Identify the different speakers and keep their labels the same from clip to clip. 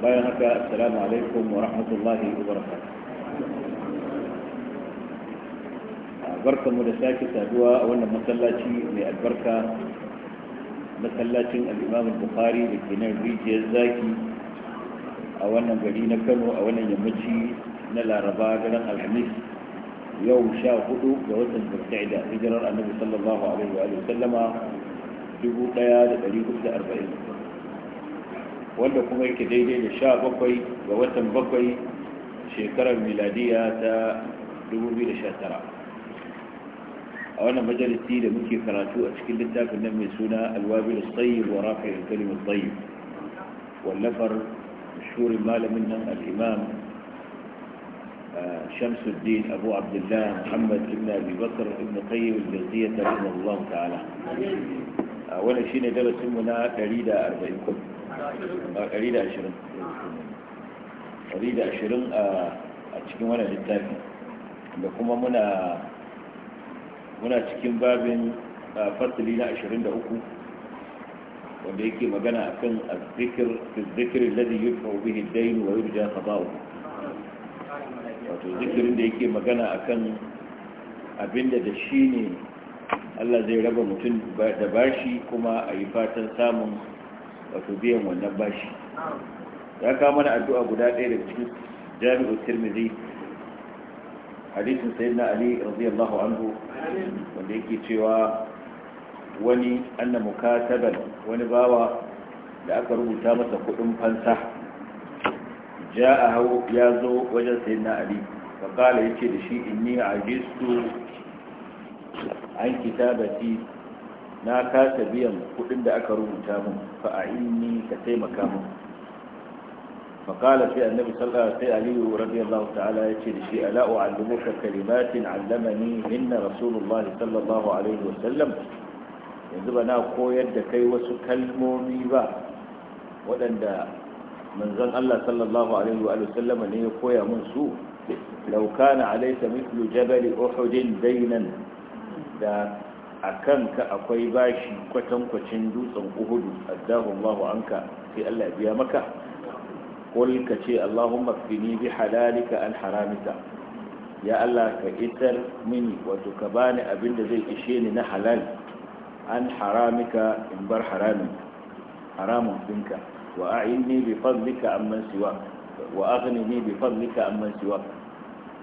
Speaker 1: bayan haka assalamu alaikum wa rahmatullahi wa barakatuh barkanmu da sake saduwa a wannan masallaci mai albarka masallacin al-Imam Bukhari da ke nan rijiyar zaki a wannan gari na Kano a wannan yammaci na Laraba garin Alhamis yau sha hudu ga watan Zulqa'da hijirar Annabi sallallahu alaihi wa sallama 1440 wanda kuma yake daidai da sha bakwai ga watan bakwai shekarar miladiya ta 2019 a wannan majalisi da muke karatu a cikin littafin nan mai suna alwabil tsayyib wa rafi'il kalimar tsayyib wallafar shurin malamin nan al'imam shamsuddin abu abdullah muhammad ibn abi بن ibn بكر al قيم الجزية رحمه الله تعالى أولا شيء درس منا 140 a 120 120 a cikin wani littafi da kuma muna muna cikin babin fasili na 23 wanda yake magana akan azzikir azzikir alladhi yudfa bihi Dainu wa yurja qada'u wato zikirin da yake magana akan abinda da shi ne Allah zai raba mutum da bashi kuma a yi fatan samun wato biyan wannan bashi ya kawo mana addu'a guda ɗaya daga cikin jami'u tirmidhi hadisin sayyidina ali radiyallahu anhu wanda yake cewa wani anna mukataban wani bawa da aka rubuta masa kudin fansa ja'ahu ya zo wajen sayyidina ali fa ya yace da shi inni ajistu an kitabati na kasa biyan kudin da aka rubuta min fa a inni ka taimaka min sai annabi النبي صلى الله عليه وسلم علي رضي الله تعالى يتشرشي ألا أعلمك كلمات علمني هن minna الله صلى الله عليه sallam yanzu ba na koyar da kai wasu kalmomi ba waɗanda manzon Allah sallallahu alaihi wa sallama ne ya koya mun su law kana alayka mithlu jabal da a kanka akwai bashi kwatankwacin dutsen uhudu addahu Allahu anka sai Allah ya biya maka qul ka ce Allahumma kfini bi halalika an haramita ya Allah ka isar mini wato ka bani abin da zai ishe ni na halal an haramika in bar haramin haramun dinka wa a'inni bi fadlika amman siwa wa aghnini bi fadlika amman siwa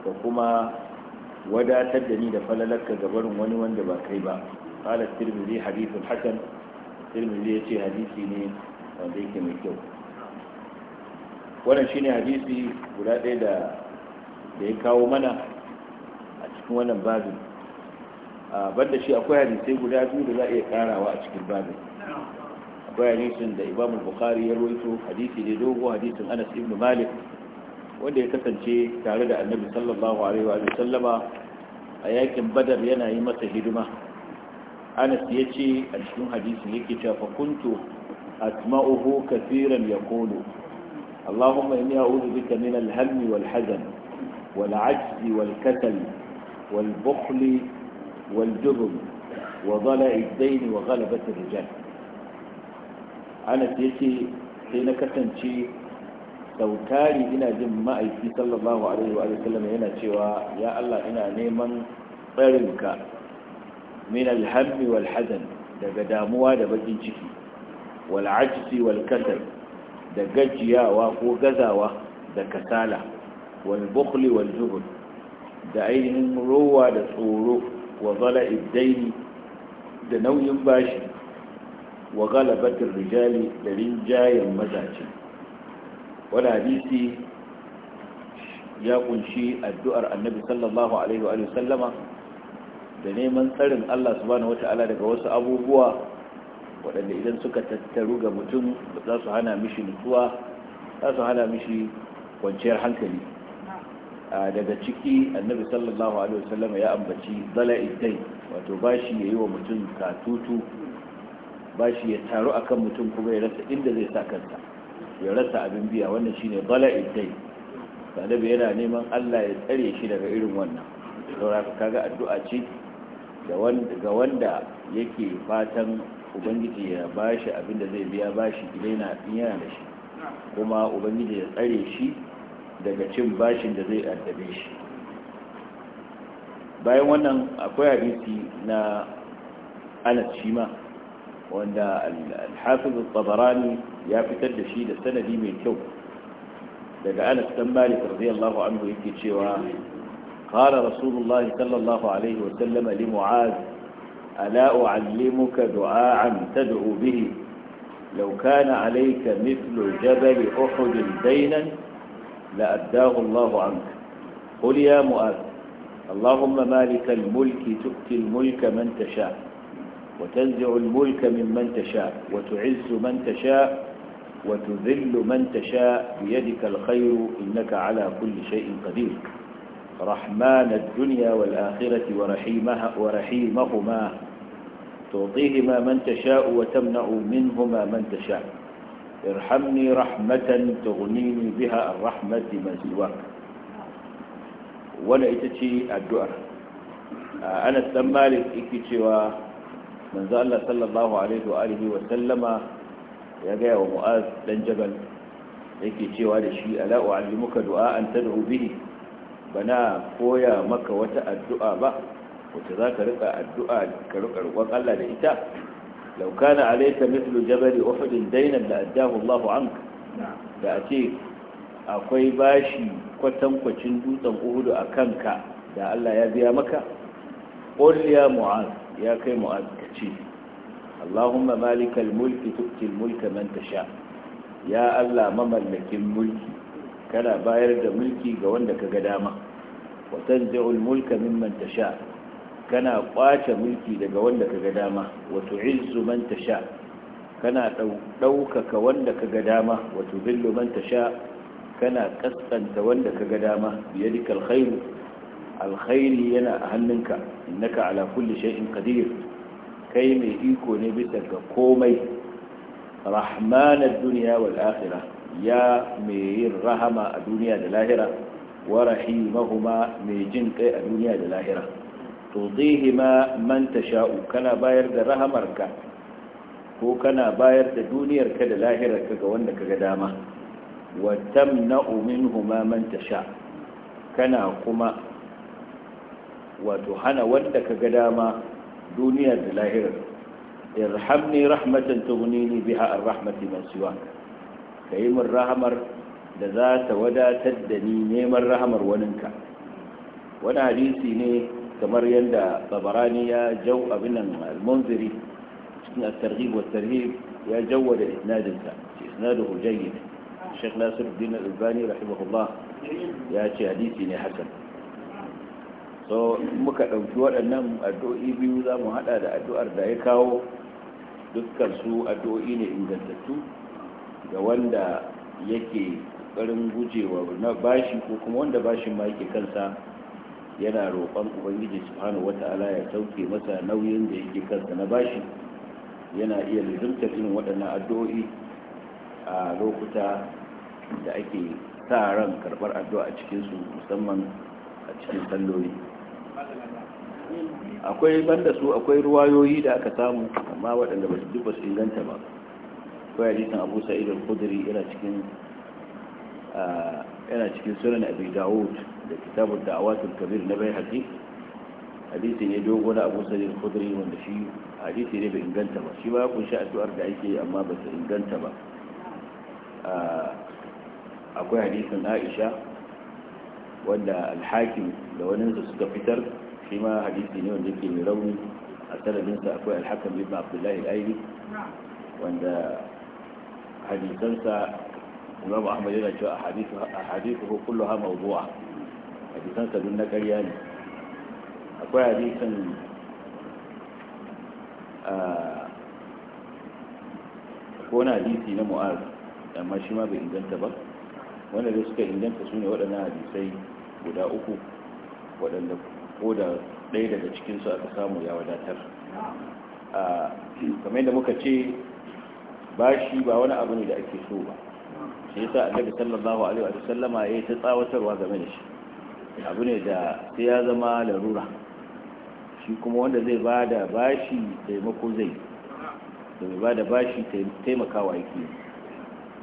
Speaker 1: ka kuma wadatar da ni da falalarka ga barin wani wanda ba kai ba qala tirmidhi hadithun hasan tirmidhi yace hadisi ne wanda yake mai kyau wannan shine hadisi guda ɗaya da da ya kawo mana a cikin wannan babin a banda shi akwai hadisai guda biyu da za a iya karawa a cikin babin akwai hadisin da imam bukhari ya rawaito hadisi ne dogo hadisin anas ibn malik wanda ya kasance tare da annabi sallallahu alaihi wa sallama a yakin badar yana yi masa hidima anas ya ce a cikin hadisi yake cewa fa kuntu asma'uhu kafiran yaqulu اللهم إني أعوذ بك من الهم والحزن والعجز والكسل والبخل والجبن وضلع الدين وغلبة الرجال أنا تيتي حين كتنشي sautari ina jin ma'aiki sallallahu alaihi wa sallam yana cewa ya Allah ina neman tsarinka min alhammi wal hazan daga damuwa da bakin ciki wal ajzi wal kasal da gajiyawa ko gazawa da kasala wal bukhli wal zuhud da ainihin rowa da tsoro wa zala'id daini da nauyin bashi wa galabatin rijali da rinjayen mazaje wani hadisi ya kunshi addu'ar annabi sallallahu alaihi wa sallama da neman tsarin Allah subhanahu wata'ala daga wasu abubuwa waɗanda idan suka tattaru ga mutum za su hana mishi nutsuwa za su hana mishi kwanciyar hankali daga ciki annabi sallallahu alaihi wa sallama ya ambaci zala'idai wato bashi ya yi wa mutum katutu bashi ya taru akan mutum kuma ya rasa inda zai sa kansa ya rasa abin biya wannan shine bala dai ɗalibi yana neman Allah ya tsare shi daga irin wannan sauraka kaga addu'a ce ga wanda yake fatan ubangiji ya bashi abin da zai biya bashi ilaina in yana da shi kuma ubangiji ya tsare shi daga cin bashin da zai addabe shi bayan wannan akwai hadisi na anas shima wanda alhafiz tabarani ya fitar da shi da sanadi mai kyau daga anas dan malik radiyallahu anhu yake cewa qala rasulullah sallallahu alaihi wa sallam li mu'az ala u'allimuka du'a'an tad'u bihi law kana alayka mithlu jabal uhud daynan la addahu Allah anka qul ya mu'az اللهم مالك الملك تؤتي الملك من تشاء وتنزع الملك ممن تشاء وتعز من تشاء وتذل من تشاء بيدك الخير إنك على كل شيء قدير رحمن الدنيا والآخرة ورحيمها ورحيمهما تعطيهما من تشاء وتمنع منهما من تشاء ارحمني رحمة تغنيني بها الرحمة من سواك ولا تشي الدعاء آه، أنا السمالك إكتي manzo Allah sallallahu alaihi wa alihi wa sallama ya gaya wa mu'az dan jabal yake cewa da shi ala du'a du'a'an tad'u bihi bana koya maka wata addu'a ba wace zaka rika addu'a ka rika roƙon Allah da ita law kana alayka mithlu jabal uhud daynan la addahu Allah anka da ace akwai bashi kwatankwacin dutsen Uhud a kanka da Allah ya biya maka qul ya mu'az ya kai mu'az ce Allahumma malikal mulki tuktil mulka man tasha ya Allah mamallakin mulki kana bayar da mulki ga wanda ka ga dama wa tanzi'ul mulka mimman tasha kana kwace mulki daga wanda ka ga dama wa tu'izzu man tasha kana ɗaukaka wanda ka ga dama wa tudillu man tasha kana kaskanta wanda ka ga dama biyadika alkhairu alkhairi yana a hannunka innaka ala kulli shay'in qadir kai mai iko ne bisa ga komai rahmanar duniya wal akhirah ya mai yin rahama a duniya da lahira wa rahimahuma mai jin kai a duniya da lahira tudihima man tasha'u kana bayar da rahamarka ko kana bayar da duniyarka da lahirarka ga wanda kaga dama wa tamna'u minhuma man tasha kana kuma wato hana wanda kaga dama duniya da lahira irhamni rahmatan tughnini biha ar-rahmati man siwa kai min rahamar da za ta wadatar da ni neman rahamar waninka wani hadisi ne kamar yadda babarani ya jau abinan al-munziri cikin at-targhib wa tarhib ya jawwada isnadinsa isnaduhu jayyid Sheikh Nasiruddin Al-Albani rahimahullah ya ce hadisi ne hasan so muka ɗauki waɗannan addu'o'i biyu za mu haɗa da addu'ar da ya kawo dukkan su addu'o'i ne ingantattu ga wanda yake ƙoƙarin gujewa na bashi ko kuma wanda bashin ma yake kansa yana roƙon ubangiji subhanahu wata'ala ya sauke masa nauyin da yake kansa na bashi yana iya lizimtar irin waɗannan addu'o'i a lokuta da ake sa ran karɓar addu'a a cikinsu musamman a cikin salloli akwai banda su akwai ruwayoyi da aka samu amma waɗanda ba su duk ba su inganta ba akwai hadisin abu sa'id al-khudri yana cikin sunan abi dawud da kitabun da'awatul kabir na bai haƙi hadisi ya dogo na abu sa'id al-khudri wanda shi hadisi ne bai inganta ba shi ba ya kunshi addu'ar da ake amma ba su inganta ba akwai hadisin aisha wanda alhakim da waninsa suka fitar shi ma hadisi ne wanda yake mai rauni a sanadinsa akwai alhakan ibn abdullahi al-aili wanda hadisansa imam ahmad yana cewa a hadisu ko kullu kulluha mawdu'a hadisansa duk na ƙarya ne akwai hadisan ko na hadisi na mu'az amma shi ma bai inganta ba wanda da suka inganta su ne waɗannan hadisai guda uku waɗanda ko da ɗaya daga cikinsu aka samu ya wadatar kamar da muka ce bashi ba wani abu ne da ake so ba shi yasa annabi sallallahu alaihi wa sallama yayi ta tsawatarwa game da shi abu ne da sai ya zama larura shi kuma wanda zai ba bada bashi taimako zai da mai da bashi taimakawa yake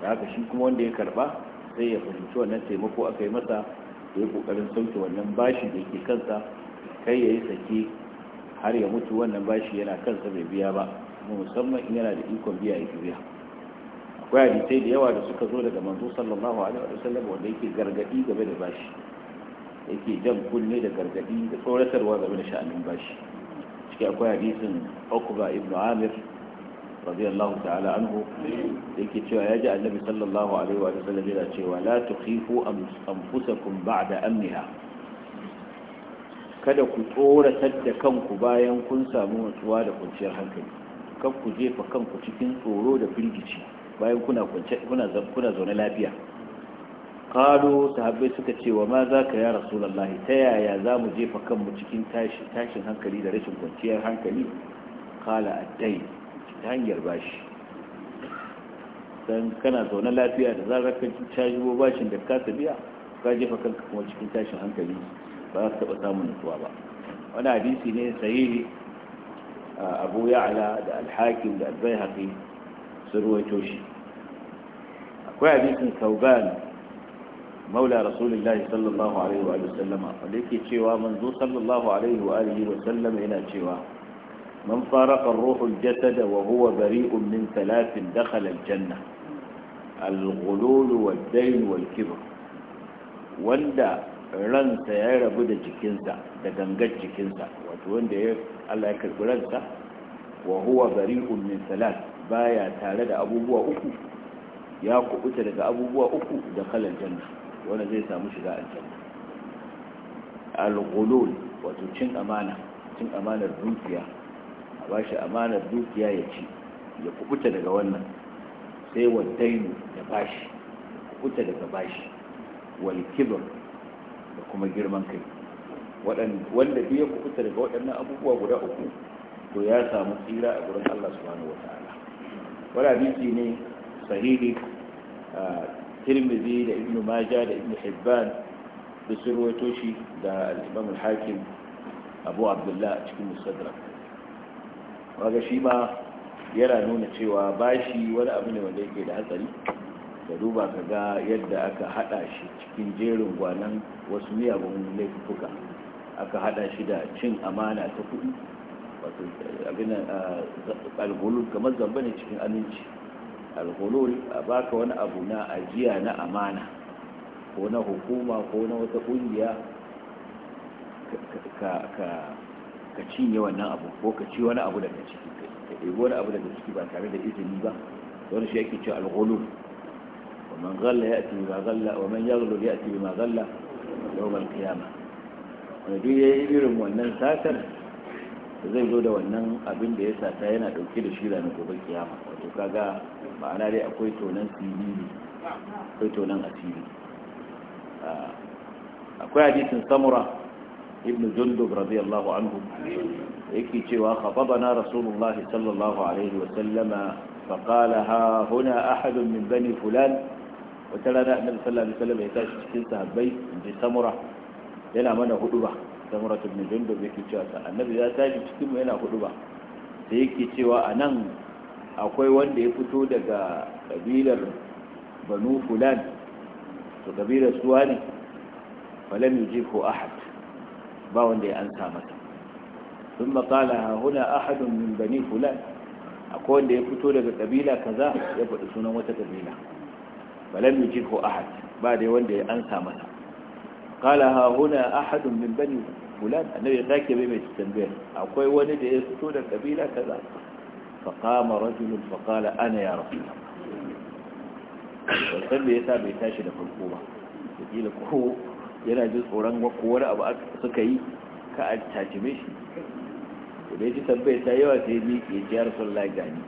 Speaker 1: da haka shi kuma wanda ya karba sai ya fahimci wannan taimako aka yi masa ya yi kokarin sauke wannan bashi da yake kansa kai ya yi sake har ya mutu wannan bashi yana kansa bai biya ba musamman in yana da ikon biya ya biya akwai hadisai da yawa da suka zo daga manzo sallallahu alaihi wa sallam wanda yake gargadi game da bashi yake jan kunne da gargadi da tsoratarwa game da sha'anin bashi ciki akwai hadisin Uqba ibn Amir radiyallahu ta'ala anhu yake cewa ya ji annabi sallallahu alaihi wa sallam yana cewa la tukhifu anfusakum ba'da amniha kada ku tsoratar da kanku bayan kun samu nutsuwa da kwanciyar hankali kan ku jefa kanku cikin tsoro da firgici bayan kuna kuna kuna zaune lafiya qalu sahabbai suka ce wa ma za ka ya rasulullah ta yaya za mu jefa kanmu cikin tashi tashin hankali da rashin kwanciyar hankali qala addai ta hanyar bashi dan kana zaune lafiya da zarar ka cajibo bashin da ka tabiya ka jefa kanka kuma cikin tashin hankali ba su taɓa samun nutsuwa ba wani hadisi ne sahihi abu ya'ala da alhakim da albayhaqi sun ruwaito shi akwai hadisin sauban maula rasulullahi sallallahu alaihi wa sallama wanda yake cewa manzo sallallahu alaihi wa alihi wa sallama yana cewa man faraka ruhul jasada wa huwa bari'un min thalathin dakhala aljanna الغلول والدين والكبر wanda ransa ya rabu da jikinsa da gangar jikinsa wato wanda ya Allah ya karbi ransa wa huwa bari'un min salat baya tare da abubuwa uku ya kubuta daga abubuwa uku da kalan janna wanda zai samu shiga aljanna al-ghulul wato cin amana cin amanar dukiya a bashi amanar dukiya ya ci ya kubuta daga wannan sai wadainu da bashi kubuta daga bashi wal kibr da kuma girman kai wanda duk ya kubuta daga waɗannan abubuwa guda uku to ya samu tsira a gurin Allah subhanahu wataala wala hadisi ne sahihi Tirmidhi da Ibnu Majah da Ibnu Hibban da surwato shi da al-Imam al-Hakim Abu Abdullah cikin Mustadrak kaga shi ma yana nuna cewa bashi wani abu ne wanda yake da hatsari da duba ka ga yadda aka hada shi cikin jerin gwanan wasu miyagun laifuka aka hada shi da cin amana ta kudi wato eh, abinan eh, alhulul kamar zamba ne cikin aminci alhulul a baka wani abu na ajiya na amana ko na hukuma ko na wata kungiya ka cinye wannan abu ko ka ci wani abu daga ciki ka ɗebo wani abu daga ciki ba tare da izini ba wani shi yake cin alhulul man zalla ya ati bima zalla wa man yaghlul ya ati bima zalla yawmal qiyamah wanda duk yayi irin wannan satar zai zo da wannan abin da ya sata yana dauke da shi ranar gobe kiyama wato kaga ma'ana dai akwai tonan sirri akwai tonan asiri akwai hadisin samura ibn jundub radiyallahu anhu yake cewa khatabana rasulullahi sallallahu alaihi wa sallama فقال ها هنا أحد من بني فلان wata rana annabi sallallahu alaihi wasallam ya tashi cikin sahabbai da samura yana mana huduba samura ibn jundub yake cewa sa annabi ya tashi cikin mu yana huduba sai yake cewa anan akwai wanda ya fito daga kabilar banu fulan to kabilar suwa ne falam yujibu ahad ba wanda ya ansa masa ثم قال هنا أحد من بني فلان أقول لي Kaza قبيلة كذا يبقى سنة وتقبيلة falam yujihu ahad ba dai wanda ya ansa masa qala ha huna ahadun min bani fulan annabi ya sake bai mai tambayar akwai wani da ya fito da kabila kaza فقام رجل فقال أنا يا ana الله wasan da ya yasa bai tashi da farko ba da kila ko yana jin tsoron wani abu suka yi ka a tajime shi da ya ji tambayar ta yawa sai miki ya ji harsun lagani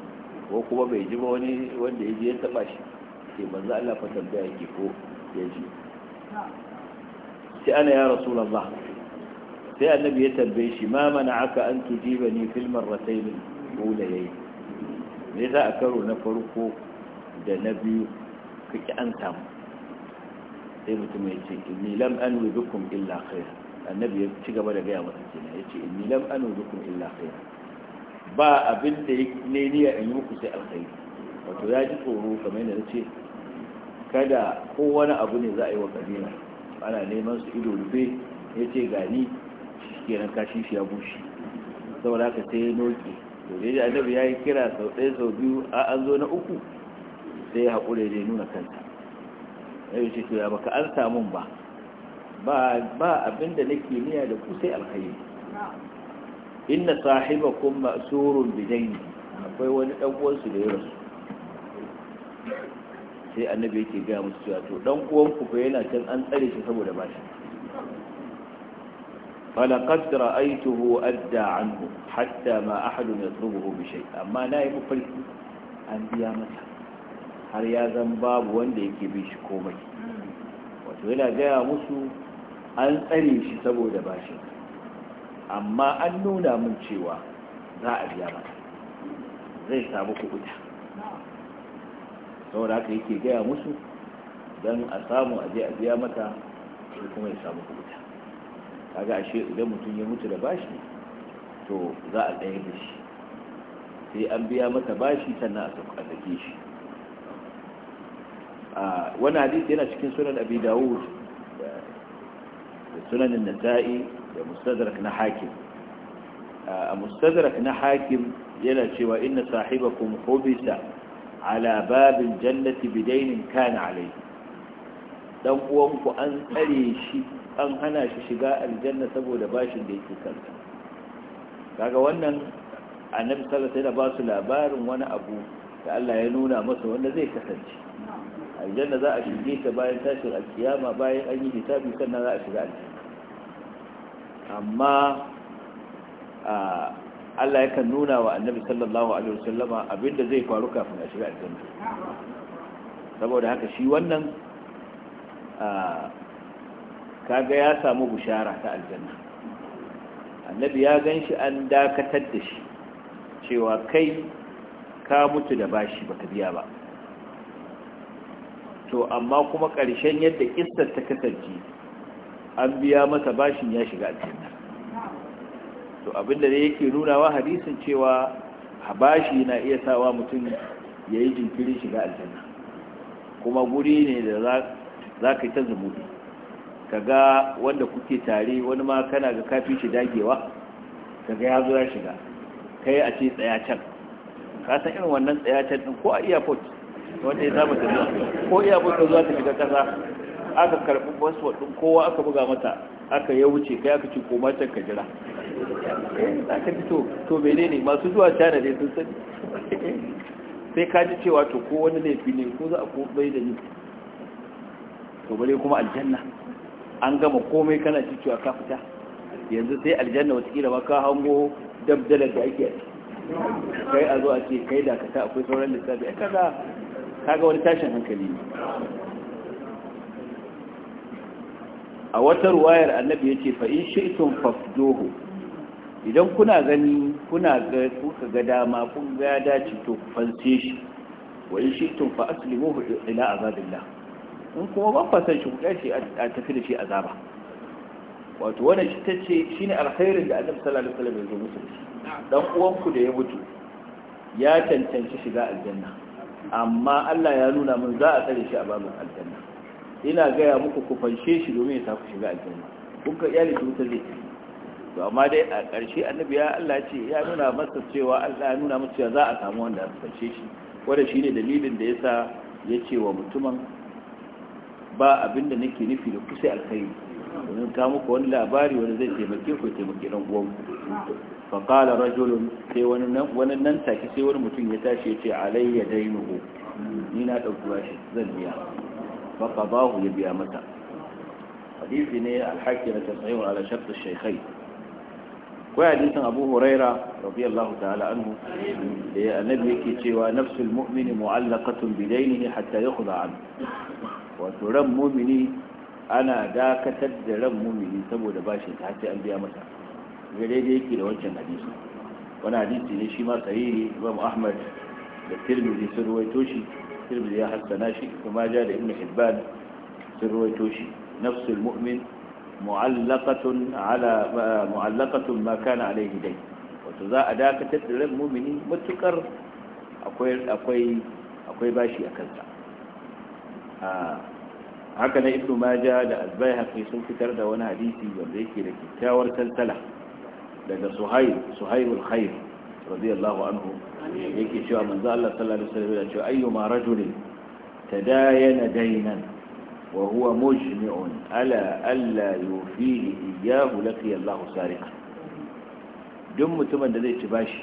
Speaker 1: ko kuma bai ji ba wani wanda ya je ya taba shi ce manzo Allah fa tambaya yake ko ya ji sai ana ya rasulullah sai annabi ya tambaye shi ma mana'aka an tujibani fil marratayn ulayayn me za a karo na farko da na biyu kake an samu sai mutum ya ce inni lam anwi bikum illa khair annabi ya ci gaba da gaya masa kenan ya ce inni lam anwi bikum illa khair ba abin da ne niyya in yi muku sai alkhairi wato ya ji tsoro kamar yadda na ce kada ko wani abu ne za a yi wa kabila ana neman su ido rufe ya ce gani nan kashi shi ya bushe saboda haka sai ya noki to da annabi ya yi kira sau ɗaya sau biyu a an zo na uku sai ya haƙure da nuna kanta ya yi to ya baka an samun ba ba abinda na kimiyya da ku sai alkhairi inna sahibakum ma'surun bidaini akwai wani dan uwansu da ya rasu sai annabi yake gaya musu cewa to dan uwan ku fa yana can an tsare shi saboda bashi falaqad ra'aytuhu adda anhu hatta ma ahad yatlubuhu bi shay amma na yi mafarki an biya masa har ya zan babu wanda yake bi shi komai wato yana gaya musu an tsare shi saboda bashi amma an nuna min cewa za a biya masa zai samu kuɓuta saboda haka yake gaya musu don a samu a je a biya mata shi kuma ya samu kuɗi kaga ashe idan mutum ya mutu da bashi to za a ɗaya da shi sai an biya mata bashi sannan a sake shi wani hadisi yana cikin sunan abi dawud da sunan nasa'i da mustadrak na hakim a mustadrak na hakim yana cewa inna sahibakum hubisa A labarin jannati bidainin kana alai dan uwanku an tsare shi an hana shi shiga aljanna saboda bashin da yake kansa kaga wannan annabi sallallahu alaihi wasallam ba su labarin wani abu da Allah ya nuna masa wanda zai kasance aljanna za a shige ta bayan tashin alkiyama bayan an yi hisabi sannan za a shiga aljanna amma a Allah ya kan nuna wa annabi sallallahu alaihi wasallama abinda zai faru kafin a shiga aljanna saboda haka shi wannan kaga ya samu bushara ta aljanna annabi ya gan shi an dakatar da shi cewa kai ka mutu da bashi baka biya ba to amma kuma ƙarshen yadda ƙistar ta kasance an biya masa bashin ya shiga aljanna to abinda da yake wa hadisin cewa Habashi na iya sawa mutum ya yi jinkirin shiga aljanna kuma guri ne da za ka yi ta zubuɗi ka ga wanda kuke tare wani ma kana ga kafi shi dagewa ka ga ya zo ya shiga yi a ce tsayacen ka san irin wannan tsayacen ɗin ko a airport wanda ya samu ta zuwa ko airport ta zuwa ta shiga kasa aka karɓi wasu ɗin kowa aka buga mata aka ya wuce kai aka ci koma can ka jira Eh aka ci to to menene masu zuwa china ne sun sani sai ka ji cewa to ko wani laifi ne ko za a ko bai da ni to bare kuma aljanna an gama komai kana ci cewa ka fita yanzu sai aljanna watakila ba, ka hango dabdalar da ake kai a zo a ce kai dakata akwai sauran lissafi kaza!" kaga kaga wani tashin hankali ne a wata ruwayar annabi yace fa in shaitun fafduhu idan kuna gani kuna ga kuka ga dama kun ga dace to ku fanse shi wa in shaitun fa aslimuhu ila azabillah in kuma ban san shi ku dace a tafi da shi azaba wato wannan shi tace shine alkhairin da annabi sallallahu alaihi wasallam ya zo musu dan uwanku da ya mutu ya cancanci shiga aljanna amma Allah ya nuna mun za a tsare shi a babin aljanna ina gaya muku ku fanshe shi domin ya ku shiga aljanna kun ka iyali su tare to amma dai a ƙarshe annabi ya Allah ce ya nuna masa cewa Allah ya nuna masa cewa za a samu wanda aka fanshe shi wanda shine dalilin da yasa ya ce wa mutumin ba abinda nake nufi da kusa alkhairi domin ka muku wani labari wanda zai taimake ku taimake ran uwan fa qala rajul sai wani nan wani nan take sai wani mutum ya tashi ya ce alayya dainu ni na dauki bashi zan biya فقضاه لبيامته حديث ني الحاكي لتصحيح على شرط الشيخين وحديث أبو هريرة رضي الله تعالى عنه النبي كي نفس المؤمن معلقة بدينه حتى يخضع عنه وترم مؤمني ana dakatar da ran mumini saboda bashin ta ce an biya masa gare da yake da wancan hadisi wani hadisi ne shi ma imam ahmad da tirmidhi sun ruwaito shi tirmidhi ya hassana shi kuma ja da ibn hibban shi nafsul mu'min mu'allaqatun ala mu'allaqatun za a dakatar da ran mu'mini matukar akwai bashi a kansa haka na ibnu maja da azbayhaqi sun fitar da wani hadisi wanda yake da kyakkyawar taltala daga suhayb khair radiyallahu anhu yake cewa manzo Allah sallallahu alaihi wasallam ya ce ayyuma rajulin tadayana daynan wa huwa mujmi'un ala alla yufihi iyyahu laqiya Allah sariqan duk mutumin da zai ci bashi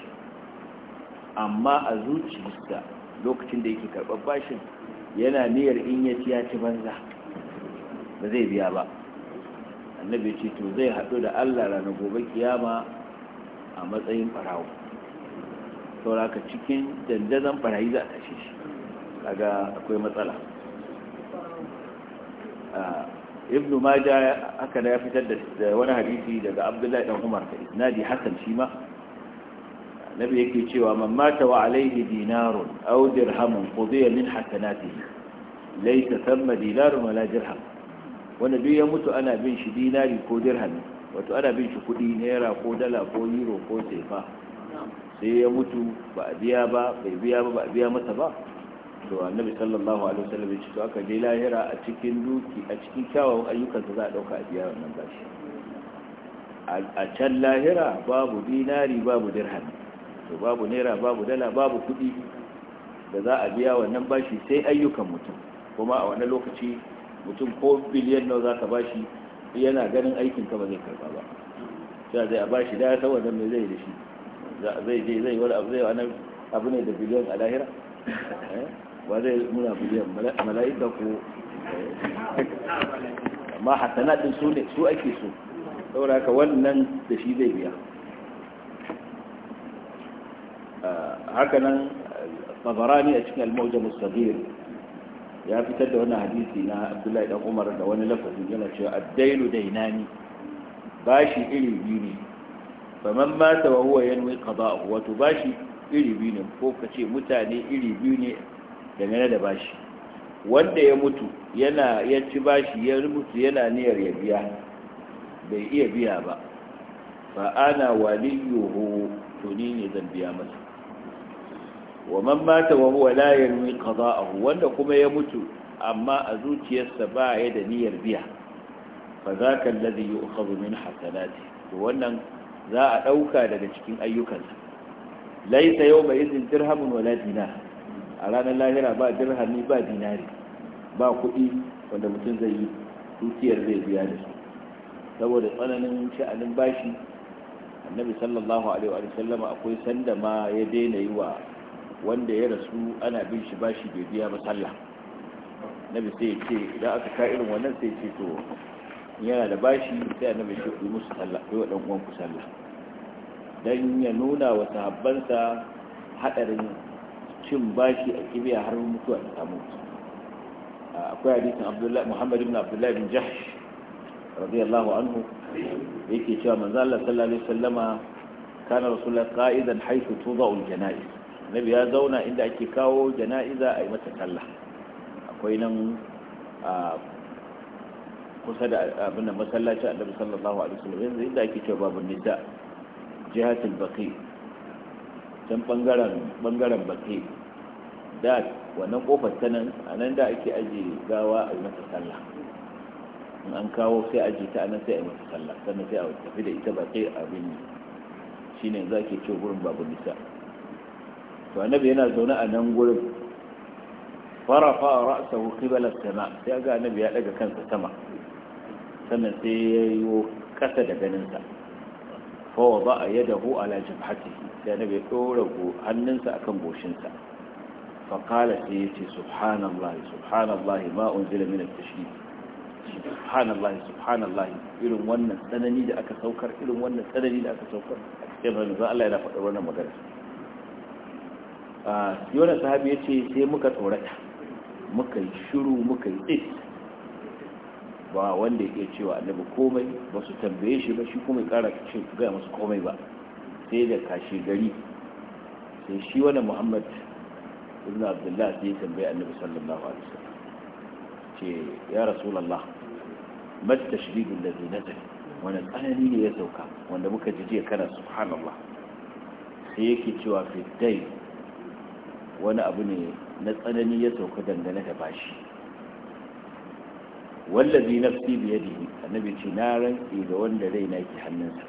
Speaker 1: amma a zuciyarsa lokacin da yake karɓar bashin yana niyyar in ya ci ya ci banza ba zai biya ba annabi ce to zai haɗu da Allah ranar gobe kiyama a matsayin ɓarawo sauraka cikin dandazon barayi za a shi kaga akwai matsala ibnu maja haka da ya fitar da wani hadisi daga abdullahi dan umar da isnadi hasan shi ma nabi yake cewa man mata wa alaihi dinarun aw dirhamun qudiya min hasanatihi laysa thamma dinarun wala dirham wanda duk ya mutu ana bin shi dinari ko dirhami wato ana bin shi kudi naira ko dala ko euro ko sefa sai ya mutu ba a biya ba bai biya ba ba a biya masa ba to annabi sallallahu alaihi wasallam ya ce to aka je lahira a cikin duki a cikin kyawawan ayyukansa za a dauka a biya wannan bashi a can lahira babu dinari babu dirham to babu naira babu dala babu kudi da za a biya wannan bashi sai ayyukan mutum kuma a wani lokaci mutum ko biliyan nawa zaka bashi yana ganin aikin ka ba zai karba ba sai a bashi da ta wannan me zai da shi zai je zai wani abu zai wani abu ne da biliyan a lahira ba eh? zai nuna biliyan mala'ika ko eh? amma hasana din su ne su ake su saboda ka wannan da shi zai biya ah, haka nan tabarani a cikin almauja musabir ya fitar da wannan hadisi na abdullahi dan umar da wani lafazin yana cewa ad-dailu dainani bashi iri biyu ne faman mata wa huwa yanwi qada'u wato bashi iri biyu ne ko kace mutane iri biyu ne dangane da bashi wanda ya mutu yana ya ci bashi ya rubutu yana niyyar ya biya bai iya biya ba fa ana waliyuhu to ni ne zan biya masa wa man mata wa huwa la yanwi qada'ahu wanda kuma ya mutu amma a zuciyarsa ba ya da niyyar biya fa zaka alladhi yu'khadhu min hasanati to wannan za a ɗauka daga cikin ayyukansa laisa yau mai izin dirhamun wala dina a ranar lahira ba dirhami ba dinari ba kuɗi wanda mutum zai yi dukiyar zai biya da su saboda tsananin sha'anin bashi annabi sallallahu alaihi wa sallam akwai sanda ma ya daina yi wa wanda ya rasu ana bin shi bashi bai biya ba sallah nabi sai ya ce idan aka ka irin wannan sai ya ce to yana da bashi sai annabi shi ku musu sallah wa ɗan'uwan ku ya nuna wa sahabbansa hadarin cin bashi a kibiya har mutuwa ta samu akwai hadisin Abdullahi Muhammad ibn Abdullah bin Jahsh radiyallahu anhu yake cewa manzo Allah sallallahu alaihi wasallama kana rasulullah qa'idan haythu tudau al-janaiz nabi ya zauna inda ake kawo janaiza a yi mata kalla akwai nan kusa da abin da a annabi sallallahu alaihi wasallam yanzu inda ake cewa babu nisa jihatul baqi can bangaren bangaren baqi da wannan kofar ta nan a nan da ake aje gawa a yi sallah in an kawo sai aje ta nan sai a yi sallah sannan sai a tafi da ita baqi abin shine za ke ce gurin babu nisa to annabi yana zaune a nan gurin farafa ra'sahu qibala as-sama sai ga annabi ya daga kansa sama sannan sai ya yi kasa da ganinsa kowa ba a yada hu ala jabhati sai na bai ɗora hannunsa a kan goshinsa faƙala sai ya ce subhanallah subhanallah ma unzila min at-tashrif subhanallah subhanallah irin wannan tsanani da aka saukar irin wannan tsanani da aka saukar a cikin manzon Allah yana faɗa wannan magana a ah, yana sahabi ce sai muka tsorata muka yi shiru muka yi tsit ba wanda ya cewa annabi komai ba su tambaye shi ba shi kuma ya kara ce gaya masu komai ba sai da kashe gari sai shi wani muhammad ibn abdullah sai ya tambaye annabi sallallahu alaihi wasallam ce ya rasulullah mat da zai nazal wani tsanani ne ya sauka wanda muka ji jiya kana subhanallah sai yake cewa fiddai wani abu ne na tsanani ya sauka dangane da bashi wallazi nafsi bi yadihi annabi ce na rantsi ga wanda raina ke hannunsa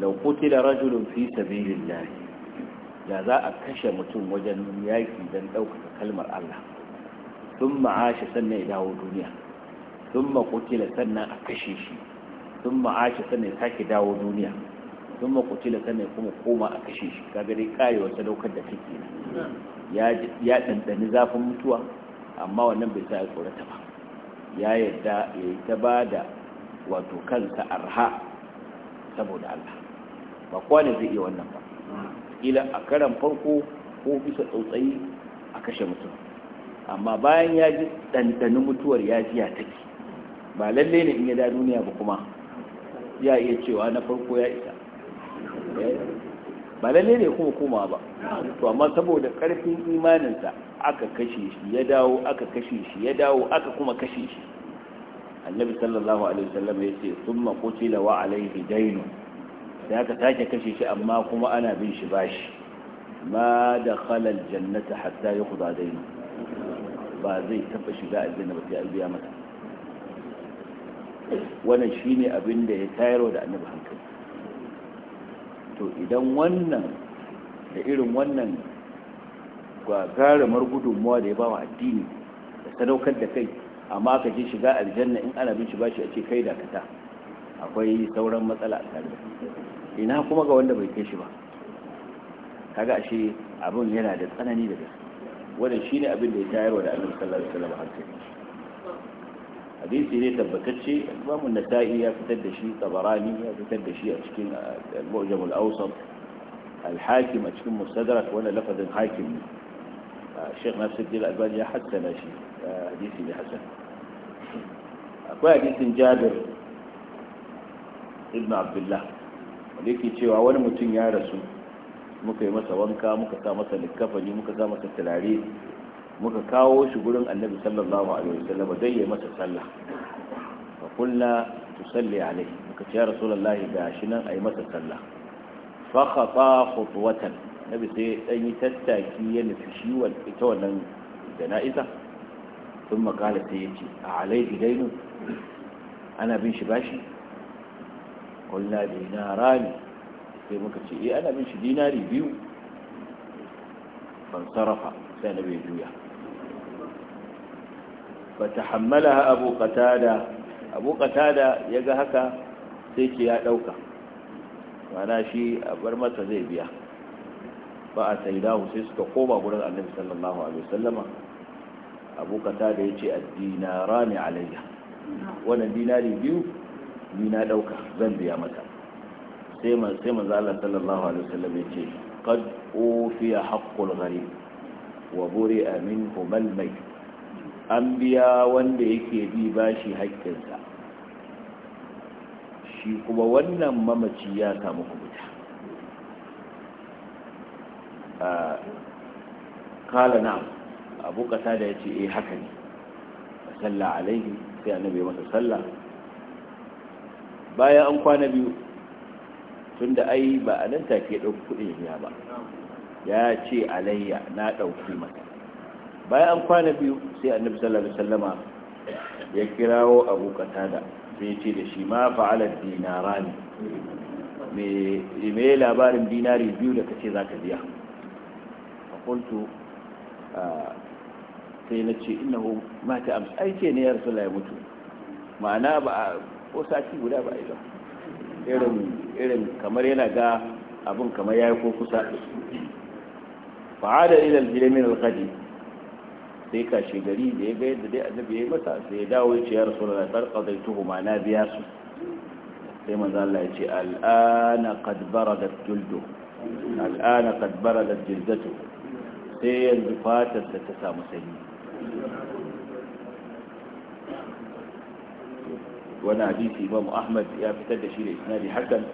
Speaker 1: law qutila rajulun fi sabilillah da za a kashe mutum wajen yaki dan ɗaukaka kalmar Allah thumma asha sannan ya dawo duniya thumma qutila sannan a kashe shi thumma asha sannan ya sake dawo duniya thumma qutila sannan kuma koma a kashe shi kaga dai karewa sadaukar da take ya ya dandani zafin mutuwa amma wannan bai sa ya tsorata ba ya yadda ya yi ta ba da wato kansa arha saboda Allah ba kwane zai iya wannan ba ila a karan farko ko bisa tsautsayi a kashe mutum amma bayan ya ji ɗanɗanin mutuwar ya ji ya take ba lalle ne in ya duniya ba kuma ya iya cewa na farko ya isa eh? ba lalle ne kuma komawa ba to amma saboda ƙarfin imaninsa aka kashe shi ya dawo aka kashe shi ya dawo aka kuma kashe shi annabi sallallahu alaihi wasallam ya ce thumma qutila wa alaihi daynun sai aka sake kashe shi amma kuma ana bin shi bashi ma da dakhala aljannata hatta yuqda daynu ba zai taba shiga aljanna ba sai an biya masa wannan shine abin da ya tayarwa da annabi hankali to idan wannan da irin wannan gagarumar gudunmuwa da ya ba wa addini da sadaukar da kai amma ka je shiga aljanna in ana bin shi bashi a ce kai dakata akwai sauran matsala a tare ina kuma ga wanda bai kai shi ba kaga ashe abin yana da tsanani da gaske wannan shine abin da ya tayarwa da Annabi sallallahu alaihi wasallam hankali hadisi ne tabbatacce Imam nasai ya fitar da shi Tabarani ya fitar da shi a cikin Al-Mu'jam uh, al-Awsat Al-Hakim a cikin Mustadrak wala lafazin Hakim ne shek nasir dil albani ya hassana shi eh, hadisi ne hasan akwai hadisin jabir ibn abdullah wanda yake cewa wani mutum ya rasu muka yi masa wanka muka sa masa likafani muka sa masa turare muka kawo shi gurin annabi sallallahu alaihi wasallam dai ya masa sallah fa kullu tusalli alaihi muka ce ya rasulullahi gashi nan ayi masa sallah fa khata khutwatan annabi sai dan yi tattaki ya nufi shi ita wannan jana'iza sun makala sai ya ce a alaihi dainu ana bin shi bashi kulla dinara ne sai muka ce eh ana bin shi dinari biyu ban sarrafa sai annabi ya juya فتحملها أبو قتادة أبو قتادة يجا هكا سيكي يا دوكا وانا شي أبرمت zai biya. ba a saidahu sai suka koma gurin annabi sallallahu alaihi wasallama abu kata da ya ce addinara ne alayya wannan dinari biyu ni na dauka zan biya mata sai man sai manzo Allah sallallahu alaihi wasallam ya ce qad ufiya haqqul gharib wa buri'a minhu mal mayt an biya wanda yake bi bashi haƙƙinsa shi kuma wannan mamaci ya samu kubuta kala na abu ya ce eh haka ne salla alaihi sai annabi ya masa salla bayan an kwana biyu tunda ai ba a nan take dauki kudin ya ba ya ce alayya na dauki masa bayan an kwana biyu sai annabi sallallahu alaihi wasallama ya kirawo abu qatada sai ya ce da shi ma fa'ala dinarani me me labarin dinari biyu da kace zaka biya قلت ah, sai na ce أمس أي amsa يا رسول ne ya معنا بقى mutu ma'ana ba إذا إرم guda ba ai irin kamar yana ga abin kamar yayi ko kusa fa'ada ila al-jilamin al sai ka shi gari da ya ga yadda dai annabi ya masa sai ya dawo ya ce ya rasulullah qad qadaytuhu ma na biya su sai manzo Allah ya ce al'ana sai yanzu fatar da ta samu sanyi wani hadisi imam ahmad ya fitar da shi da isnadi hakan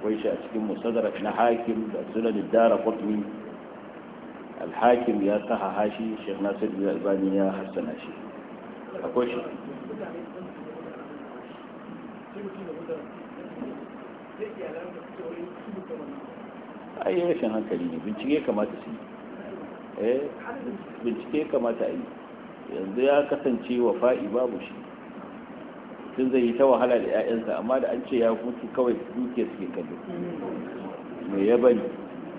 Speaker 1: akwai shi a cikin musadarat na hakim da sunan dara qutbi al-hakim ya saha hashi shekh nasir bin albani ya hassana shi akwai shi ai rashin hankali ne bincike kamata su yi eh bincike kamata a yi yanzu ya kasance wa fa'i babu shi tun zai yi ta wahala da 'ya'yansa amma da an ce ya hutu kawai duke suke kalli me ya bani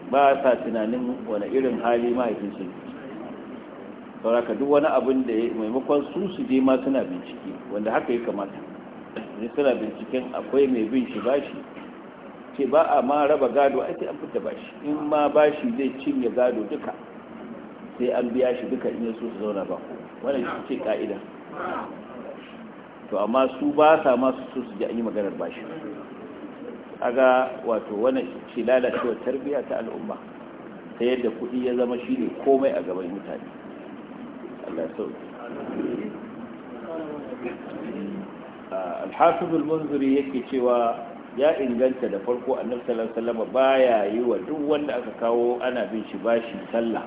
Speaker 1: ba sa tunanin wani irin hali mahaifinsu sauraka duk wani abin da ya maimakon su su je ma suna bincike wanda haka ya kamata ne suna binciken akwai mai bin shi bashi ce ba a ma raba gado ake an fita bashi in ma bashi zai cinye gado duka sai an biya shi duka in yaso su zauna ba wannan shi ce ka'ida to amma su ba sa masu su su ji an yi maganar bashi aga wato wannan shi lalacewa tarbiyya ta al'umma ta yadda kuɗi ya zama shi ne komai a gaban mutane Allah ya sauke alhafiz al-munziri yake cewa ya inganta da farko annabi sallallahu alaihi wasallam baya yi wa duk wanda aka kawo ana bin shi bashi sallah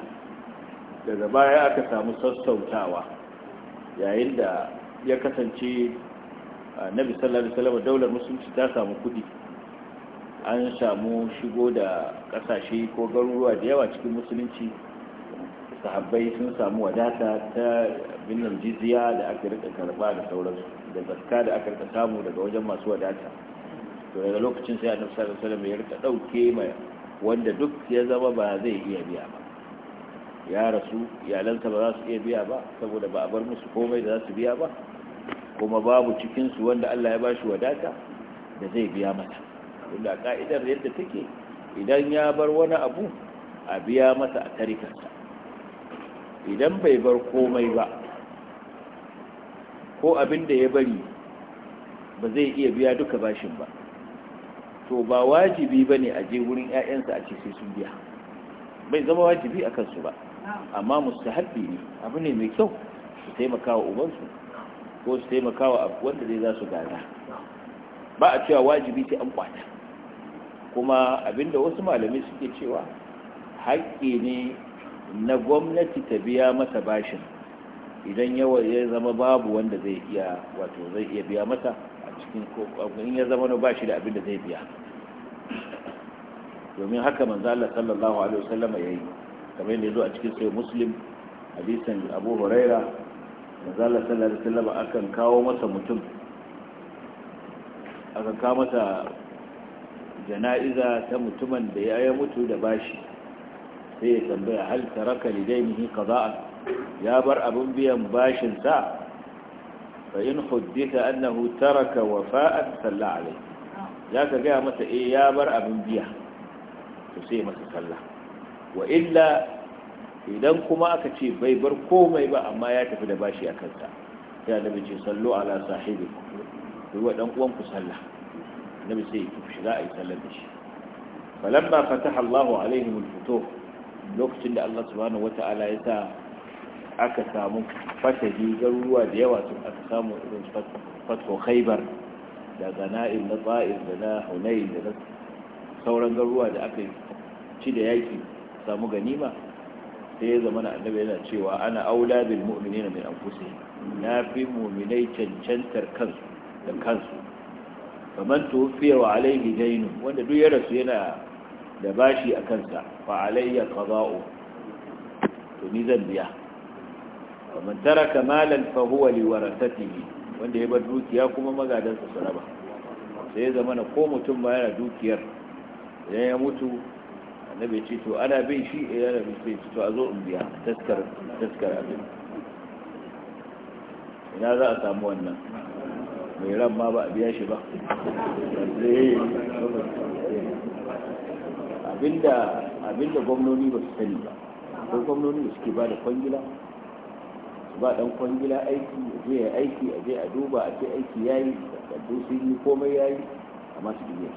Speaker 1: daga baya aka samu sassautawa yayin da ya kasance na sallallahu alaihi daular musulunci ta samu kudi an samu shigo da kasashe ko garuruwa da yawa cikin musulunci sahabbai sun samu wadata ta binnan Jiziya da aka rika karba da sauransu da zaska da aka rika samu daga wajen masu wadata to daga lokacin sai annabi sallallahu alaihi wasallam ya rika dauke mai wanda duk ya zama ba zai iya biya ba ya rasu iyalansa ba za su iya biya ba saboda ba a bar musu komai da za su biya ba kuma babu cikinsu wanda Allah ya ba shi wadata da zai biya mata wanda ka'idar yadda take idan ya bar wani abu a biya mata a tarikarsa idan bai bar komai ba ko abin da ya bari ba zai iya biya duka bashin ba to ba wajibi ba ne a je wurin 'ya'yansa a ce sun biya bai zama wajibi a kansu ba amma mustahabbi ne abu ne mai kyau su taimaka wa ubansu ko su taimaka wa wanda zai za su gada ba a cewa wajibi sai an kwata kuma abinda wasu malamai suke cewa haƙƙi ne na gwamnati ta biya masa bashin idan yawa ya zama babu wanda zai iya wato zai iya biya masa a cikin in ya zama na bashi da abinda zai biya domin haka manzo Allah sallallahu alaihi wasallama yi. kamar da zo a cikin sai muslim hadisan abu huraira manzala sallallahu alaihi wasallam akan kawo masa mutum akan kawo masa jana'iza ta mutumin da ya mutu da bashi sai ya tambaya hal taraka lidainihi qada'a ya bar abun biyan bashin sa fa in huddita annahu taraka wafa'an salla alaihi ya ka ga masa eh ya bar abun biya to sai masa sallah wa illa idan kuma aka ce bai bar komai ba amma ya tafi da bashi a kanta ya da ce sallu ala sahibi ku wa dan uwan ku sallah annabi sai ku shiga ayi sallar da shi falamma fataha Allahu alaihim al-futuh lokacin da Allah subhanahu wata'ala ya sa aka samu fatahi garuruwa da yawa sun aka samu irin fatho khaybar da gana'in na ba'in da na hunayn da sauran garuruwa da aka ci da yaki samu ganima sai ya zama na annabi yana cewa ana aula bil mu'minina min anfusihim na fi mu'minai cancantar kansu da kansu faman tuwfiya wa alaihi dainu wanda duk ya rasu yana da bashi a kansa fa alayya qada'u to ni zan biya Kamar taraka malan fa huwa li warasatihi wanda ya bar dukiya kuma magadansa su raba sai ya zama na ko mutum ba yana dukiyar idan ya mutu annabi ce to ana bin shi a eh, yana bin shi to a zo in biya taskar taskar abin ina za a samu wannan mai ran ma ba a biya shi ba
Speaker 2: eh, abinda
Speaker 1: abinda gwamnoni ba su sani ba ko gwamnoni da suke ba da kwangila ba dan kwangila aiki a je ya aiki a je a duba a ce aiki ya yi da sun yi komai ya yi a su biya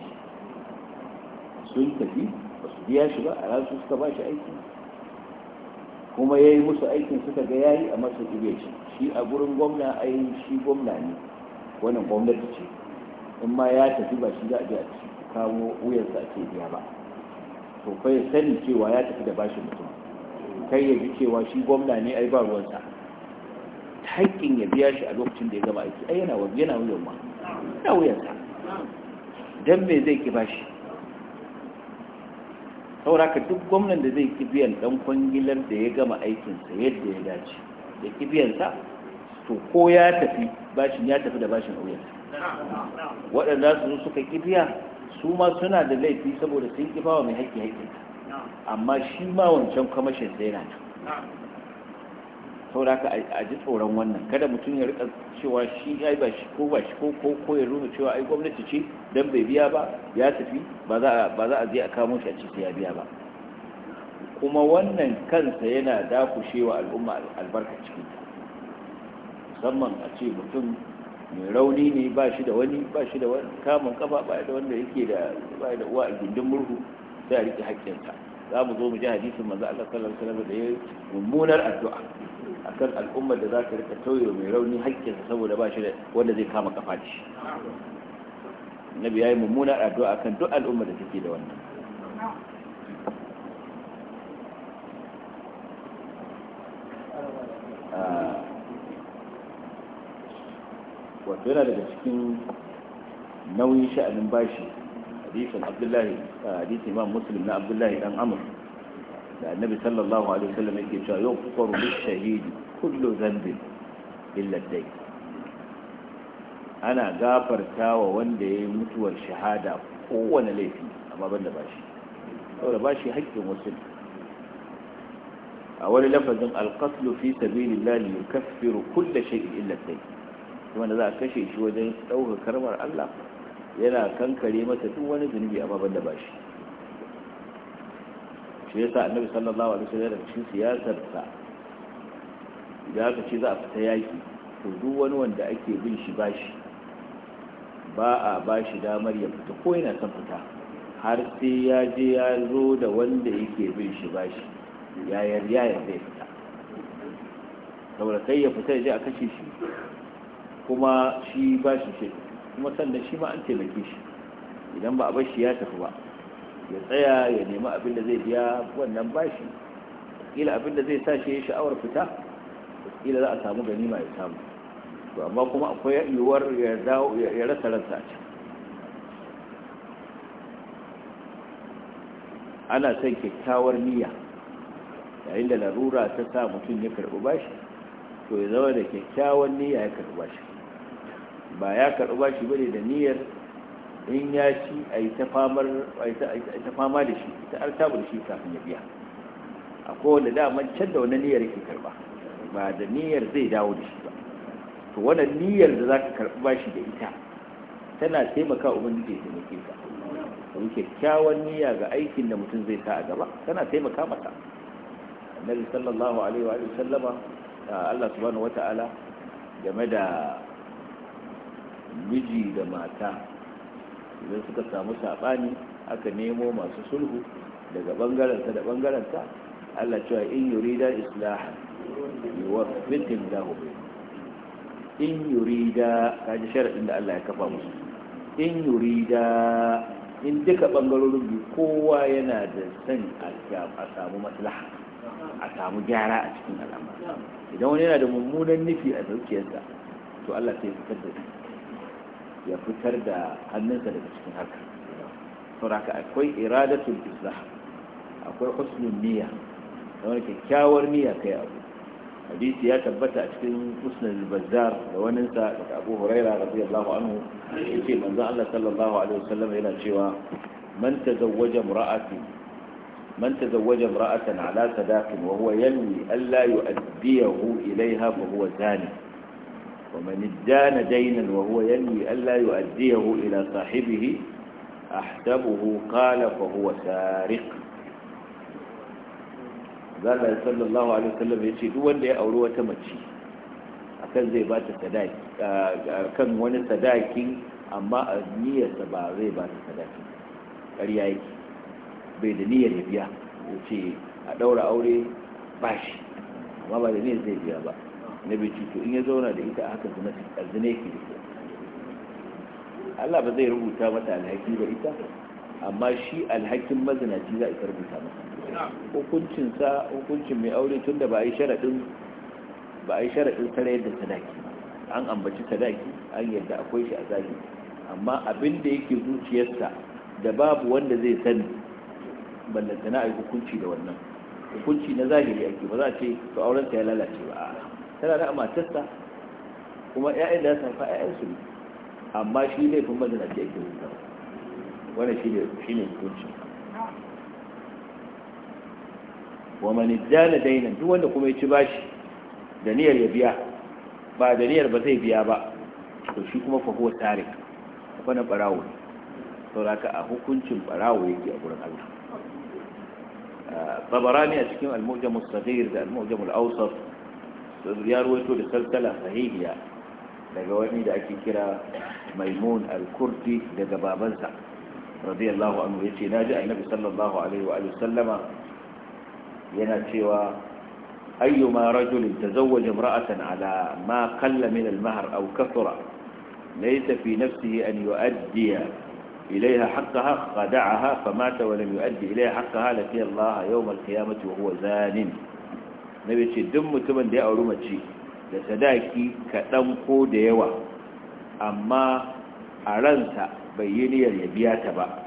Speaker 1: shi sun tafi ba su biya shi ba a ranar suka ba shi aiki kuma ya yi musu aikin suka ga yayi a masa ibe shi shi a gurin gwamna ai shi gwamna ne wannan gwamnati ce in ma ya tafi ba shi za a kawo a za wuyansa ke biya ba to fa ya sani cewa ya tafi da bashi mutum kai ya ji cewa shi gwamna ne ai ba ruwansa haƙƙin ya biya shi a lokacin da ya gama aiki ai yana wuyan ma yana wuyansa dan me zai ki bashi saboda ka duk gwamnan da zai kibiyan dan kwangilar da ya gama aikinsa yadda ya dace da kibiyansa to ko ya tafi bashin ya tafi da bashin auyen waɗanda su suka kibiya su ma suna da laifi saboda sun kibawa mai haƙƙi haƙƙi amma shi ma wancan kwamashin sai na saboda ka a ji tsoron wannan kada mutum ya rika cewa shi ai ba shi ko ba shi ko ko ko ya rumu cewa ai gwamnati ce dan bai biya ba ya tafi ba za a ba za a je a kamo shi a ciki ya biya ba kuma wannan kansa yana dakushewa al'umma albarka cikin ta musamman a ce mutum mai rauni ne ba shi da wani ba shi da wani kamun kafa ba da wanda yake da ba da uwa a gindin murhu sai a rike haƙƙinsa za mu zo mu ji hadisin manzo Allah sallallahu alaihi wasallam da ya mummunar addu'a a kan al'ummar da za ta rika tauye mai rauni haƙƙinsa saboda ba shi da wanda zai kama kafa da shi nabi ya yi mummuna addu'a kan duk al'ummar da take da wannan ah, wato yana daga cikin nauyin sha'anin bashi hadisin abdullahi ah, hadisin imam muslim na abdullahi dan amur da annabi sallallahu alaihi wasallam yake cewa yau kwaru shahidi kullu zambin illa dai ana gafarta wa wanda ya yi mutuwar shahada kowane laifi amma ban da bashi saboda bashi haƙƙin wasu a wani lafazin alƙaslu fi sabilillah li yukaffiru kulli shay'in illa dai kuma da za a kashe shi wajen ɗaukar karmar Allah yana kankare masa duk wani zunubi amma ban da bashi shi yasa annabi sallallahu alaihi wasallam da cikin siyasar sa ya ka ce za a fita yaki to duk wani wanda ake bin shi bashi ba a bashi damar ya fita ko yana son fita har sai ya je ya zo da wanda yake bin shi bashi ya yarda ya zai fita saboda kai ya fita ya je a kashe shi kuma shi bashi shi kuma sannan shi ma an taimake shi idan ba a bar shi ya tafi ba ya tsaya ya nemi abin da zai biya wannan bashi kila abin da zai sa ya sha'awar fita kila za a samu ma ya samu to amma kuma akwai yiwuwar ya rasa ransa a can ana son kyakkyawar niyya yayin da larura ta sa mutum ya karɓi bashi to ya zama da kyakkyawar niyya ya karɓi bashi ba ya karɓi bashi bane da niyyar in ya ci a yi ta fama da shi ta arta da shi kafin ya biya a kowane daman can da wani niyyar yake karba ba da niyyar zai dawo da shi ba to wani niyyar da za ka karbi shi da ita tana taimaka da ya taimake ka kuma kyakkyawan niyya ga aikin da mutum zai sa a gaba tana taimaka mata annabi sallallahu alaihi wa sallama Allah subhanahu Ta'ala game da miji da mata idan suka samu saɓani aka nemo masu sulhu daga ɓangarensa da ɓangarensa Allah cewa in yurida islahan yuwaffiqin lahu in yurida kaji sharadin da Allah ya kafa musu in yurida in duka bangarorin biyu kowa yana da san a samu maslaha a samu gyara a cikin al'amari idan wani yana da mummunan nufi a zuciyarsa to Allah sai ya fitar da shi ya fitar da hannunsa daga cikin haka sauraka akwai iradatul islah akwai husnul niyya da wani kyakkyawar niyya kai abu hadisi ya tabbata a cikin musnad al-bazzar da sa daga Abu Huraira radiyallahu anhu yace manzo Allah sallallahu alaihi wasallam yana cewa man tazawwaja imra'atin man tazawwaja imra'atan ala sadaqin wa huwa yanwi an la yu'addiyahu ilayha fa huwa zani ومن ادان دينا وهو ينوي الا يؤديه الى صاحبه احسبه قال فهو سارق قال صلى الله عليه وسلم يجي دو ولا اورو wata mace akan zai bata sadaki kan wani sadaki amma a niyyarsa ba zai bata sadaki ƙarya yake bai da niyyar ya biya ya ce a daura aure ba shi amma ba da niyyar zai biya ba annabi ci to in ya zauna da ita haka zina azine ki Allah ba zai rubuta mata alhaki ba ita amma shi alhakin mazinaci za a rubuta masa hukuncin sa hukuncin mai aure tunda ba a yi sharadin ba a yi sharadin sarayar da sadaki an ambaci sadaki an yadda akwai shi a zaki amma abin da yake zuciyarsa da babu wanda zai sani ballantana a yi hukunci da wannan hukunci na zahiri ake ba za a ce to aurenka ya lalace ba a'a tana da matarsa kuma ƴaƴan da ya sanfa ƴaƴan su amma shi ne kuma da nake yake wuta wani shi ne shi ne hukuncin wa mani dana dainan duk wanda kuma ya ci bashi da niyyar ya biya ba da niyyar ba zai biya ba to shi kuma fa huwa tarik na barawo to laka a hukuncin barawo yake a gurin Allah babarani a cikin al-mu'jam saghir da al mujamul al-awsat ya ruwaito da salsala sahihiya daga wani da ake kira maimun al-kurdi daga babansa radiyallahu anhu yace naji annabi sallallahu alaihi wa alihi sallama yana cewa ayyuma rajulin tazawwaja imra'atan ala ma qalla min al-mahr aw kathura laysa fi nafsihi an yu'addi إليها حقها خدعها فمات ولم يؤدي إليها حقها لقي الله يوم القيامة وهو زان na ce duk mutumin da ya auri mace da sadaki kaɗan ko da yawa amma a ransa bai yi niyyar ya biya ta ba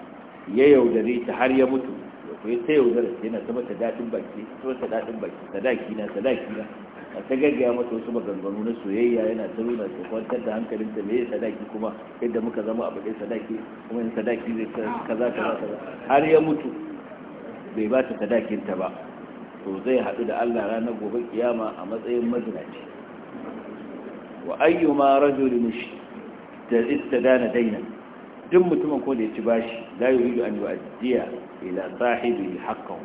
Speaker 1: ya yaudare ta har ya mutu da kuwa ta yaudare ta yana sama ta daɗin baki sama ta baki sadaki na sadaki na a ta gaggaya mata wasu maganganu na soyayya yana ta nuna ta kwantar da hankalin ta mai sadaki kuma yadda muka zama a bakin sadaki kuma yin sadaki zai kaza kaza kaza har ya mutu bai ba ta sadakin ta ba to zai haɗu da Allah ranar gobe kiyama a matsayin mazinaci wa ayyuma rajulin da dana daina duk mutumin ko da ya ci bashi la yuridu an yu'addiya ila sahibi haqqahu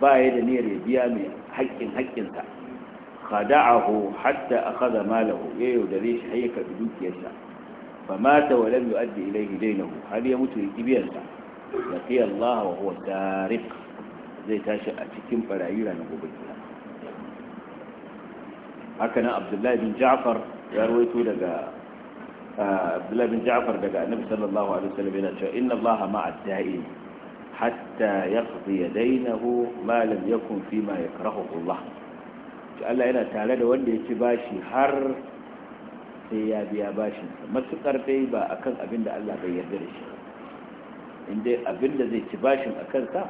Speaker 1: ba ya da niyyar ya biya mai haƙƙin haƙƙinsa khada'ahu hatta akhadha malahu ya yaudare shi har dukiyarta. karbi dukiyarsa fa mata wa lam yu'addi ilayhi daynahu har ya mutu ya kibiyarsa laqiya Allah wa huwa tariq zai tashi a cikin barayi ranar gobe haka nan abdullahi bin ja'far ya rawaito daga abdullahi bin ja'far daga annabi sallallahu alaihi wasallam yana cewa inna allaha ma'a da'in hatta yaqdi yadaynahu ma lam yakun fi ma yakrahu allah to Allah yana tare da wanda ya ci bashi har sai ya biya bashin matukar dai ba akan abin da Allah bai yarda da shi in dai abin da zai ci bashin akan sa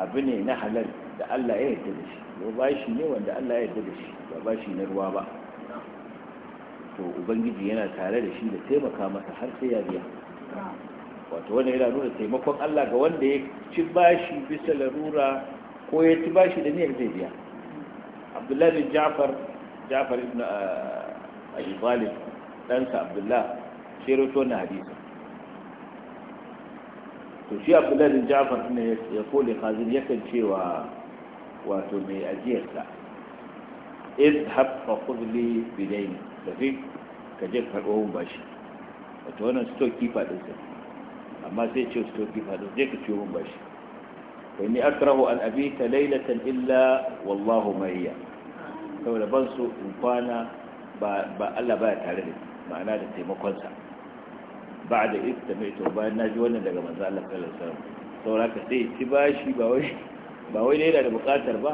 Speaker 1: abu ne na halal da Allah ya yarda da shi ko shi ne wanda Allah ya yarda da shi ba shi na ruwa ba to ubangiji yana tare da shi da taimaka masa har sai ya biya wato wanda yana nuna taimakon Allah ga wanda ya ci bashi bisa larura ko ya ci bashi da niyyar zai biya Abdullahi bin Ja'far Ja'far ibn ah, Abi Talib ɗansa Abdullah sai rawaito wannan hadisi to shi abdullahi bin ja'far ne ya kole khazin yakan cewa wato mai ajiyarsa izhab fa khudli bidaini tafi ka je karɓo mun bashi wato wannan storekeeper din sai amma sai ce storekeeper din je ka ciyo mun bashi fa inni akrahu an abita laylatan illa wallahu ma hiya saboda ban so in kwana ba Allah baya tare da ma'ana da taimakonsa da ba'da istamaitu bayan ji wannan daga manzo Allah sallallahu alaihi wasallam saboda ka sai ci bashi ba wai ba wai ne da bukatar ba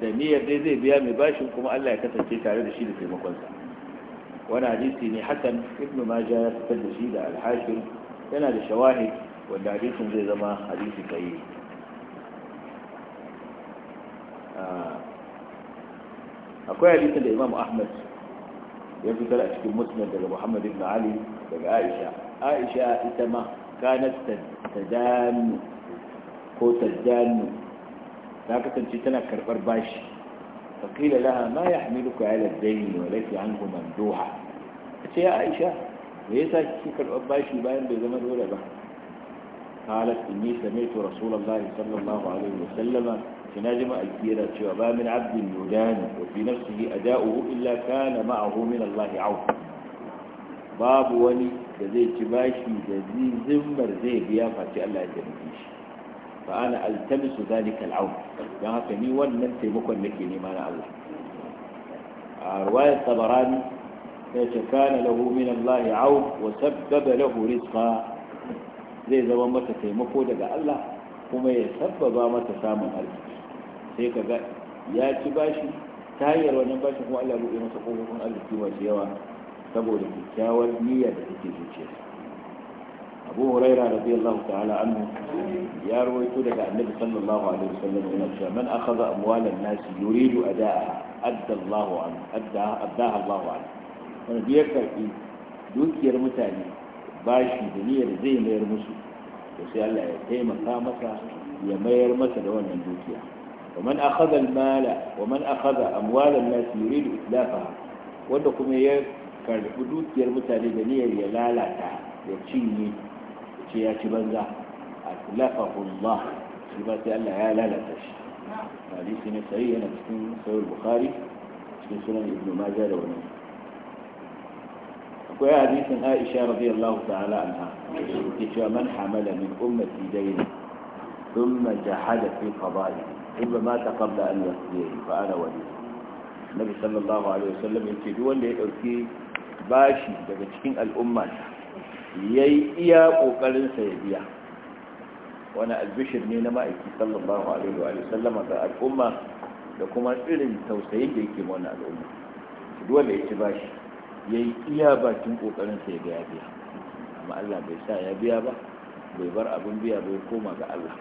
Speaker 1: da niyyar dai zai biya mai bashin kuma Allah ya kasance tare da shi da taimakon sa wani hadisi ne hasan ibn majah ya fitar da shi da al-hashim yana da shawahid wanda hadisin zai zama hadisi kai ah, akwai hadisin da Imam Ahmad ya fitar a cikin musnad daga Muhammad ibn Ali daga Aisha عائشة إتما كانت تدان كو تدان tadanu ta kasance فقيل لها ما يحملك على الدين وليس عنه قالت يا عائشة ليس كيك الأباش يبان بزمن ولا بحر قالت إني سمعت رسول الله صلى الله عليه وسلم تناجم الكيرة شعبا من عبد يدان وفي نفسه أداؤه إلا كان معه من الله عون babu wani da zai ci bashi da zimmar zai biya face Allah ya taimake shi fa ana altamisu zalika al'aun don haka ni wannan taimakon nake nema na Allah a ruwayar tabarani ya ce kana lahu min Allah aun wa sabbaba lahu rizqa zai zama mata taimako daga Allah kuma ya sabbaba mata samun arziki sai ka ga ya ci bashi ta hanyar wannan bashin kuma Allah ya buɗe masa kofofin arziki masu yawa saboda kyakkyawar niyya da take zuciyarsa abu huraira radiyallahu ta'ala anhu ya rawaito daga annabi sallallahu alaihi wasallam yana cewa man akhadha amwalan nas yuridu adaaha adda Allah an adda addaha Allah an wanda ya karbi dukiyar mutane bashi da niyyar zai mayar musu to sai Allah ya taimaka masa ya mayar masa da wannan dukiya ومن أخذ المال ومن أخذ أموال الناس يريد إتلافها wanda kuma ya karbi dukiyar mutane da niyyar ya lalata ya cinye ya ce ya ci banza atlafahullah shi ba sai Allah ya lalata shi hadisi ne sai yana cikin sahih bukhari cikin sunan ibn majah da wani akwai hadisin aisha radiyallahu ta'ala anha ke cewa man hamala min ummati dayna thumma jahada fi qada'i thumma mata qabla an yaqdihi fa ana wali nabi sallallahu alaihi wasallam yace duk wanda ya dauki bashi daga cikin al'umma ya yi iya ƙoƙarinsa ya biya wani albishir ne na ma'aiki sallallahu alaihi wa sallama ga al'umma da kuma irin tausayin da yake wani al'umma dole ya ci bashi ya yi iya bakin ƙoƙarinsa ya biya biya amma allah bai sa ya biya ba bai bar abin biya bai koma ga allah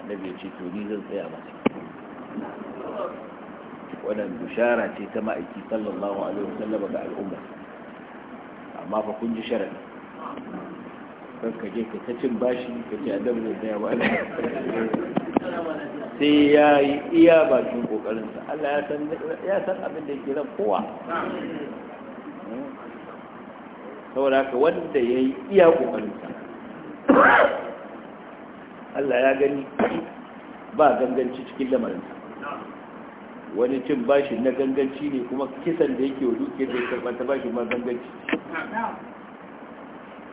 Speaker 1: annabi ya ce to ni zan tsaya masa wannan bishara ce ta ma'aiki sallallahu alaihi wasallam ga al'umma amma fa kun ji sharadi kan ka je ka ta bashi ka ce annabi da tsaya ba sai ya yi iya bakin kokarinsa Allah ya san abin da yake ran kowa saboda haka wanda ya yi iya kokarinsa Allah ya gani ba ganganci cikin lamarinsa wani cin bashi na ganganci ne kuma kisan da yake wa dukiyar da ya ta bashi ma ganganci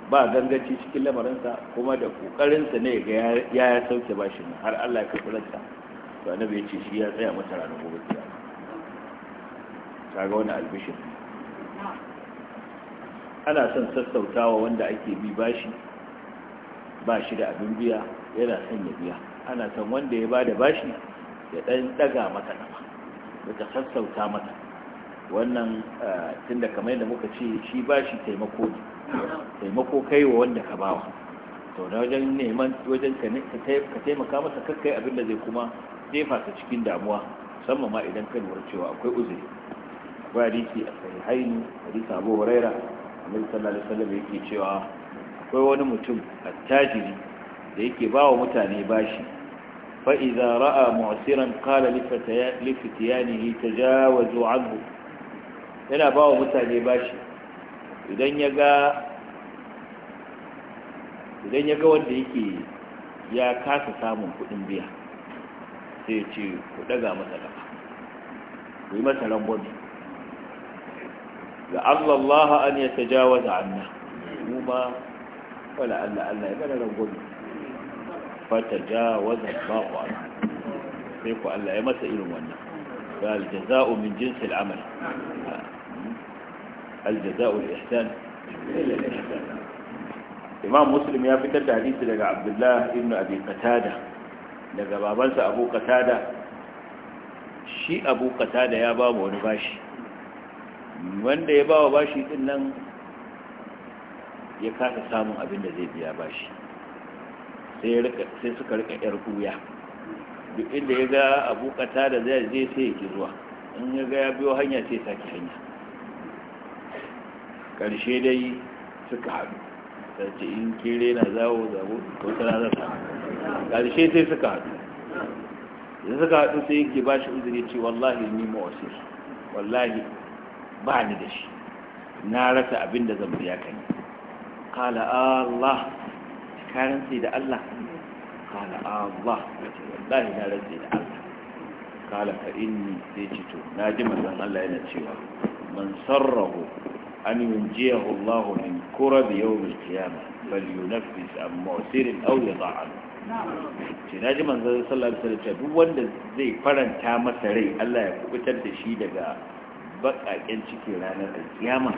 Speaker 1: ba ganganci cikin lamarinsa kuma da kokarinsa ne ga ya ya sauke bashin har Allah ya karɓi to annabi ya ce shi ya tsaya mata ranar gobe Ta ga wani albishin ana son sassautawa wanda ake bi bashi ba shi da abin biya yana son ya biya ana son wanda ya bada bashi ya ɗan ɗaga maka nama da ka sassauta mata wannan eh, tunda kamar da muka ce shi ba shi taimako ne taimako kai wa wanda ka bawa to na wajen neman wajen ka taimaka masa kakkai abin da zai kuma jefa ta cikin damuwa musamman ma idan ka lura cewa akwai uzuri akwai hadisi a haini hadisi abu huraira annabi sallallahu alaihi wasallam yake cewa akwai wani mutum attajiri da yake bawa mutane bashi فإذا رأى معسرا قال لفتيانه تجاوزوا عنه yana ba wa mutane bashi idan ya ga idan ya ga wanda yake ya kasa samun kudin biya sai ce ku daga masa daga ku yi masa rangwami ga Allah an ya tajawaza anna kuma wala Allah Allah ya gana rangwami fata jawazan ba ana sai ku Allah ya masa irin wannan ga aljaza'u min jinsil amal aljaza'u al-ihsan imam muslim ya fitar da hadisi daga abdullah ibn abi qatada daga babansa abu qatada shi abu qatada ya ba mu wani bashi wanda ya ba wa bashi din nan ya kasa samun abin da zai biya bashi sai suka rika yar buya duk inda ya ga abu kata da zai zai sai ya ki zuwa in ya ga ya biyo hanya sai sake hanya ƙarshe dai suka haɗu sai ce in kere na zawo zawo ko tana zata ƙarshe sai suka haɗu da suka haɗu sai yake ba shi uzuri ce wallahi ni mawasir wallahi ba ni da shi na rasa abin da zan biya ka yi kala Allah karan sai da Allah kala ah, Allah wace wallahi na rantsi da Allah kala fa inni sai ce to na ji mazan Allah yana cewa man sarrahu an yunjiyahu Allah min kurab yau al kiyama, bal yunaffis am mu'sir aw yada'an ce na ji manzon sallar alaihi wasallam duk wanda zai faranta masa rai Allah ya kubutar da shi daga bakaken cikin ranar da kiyama.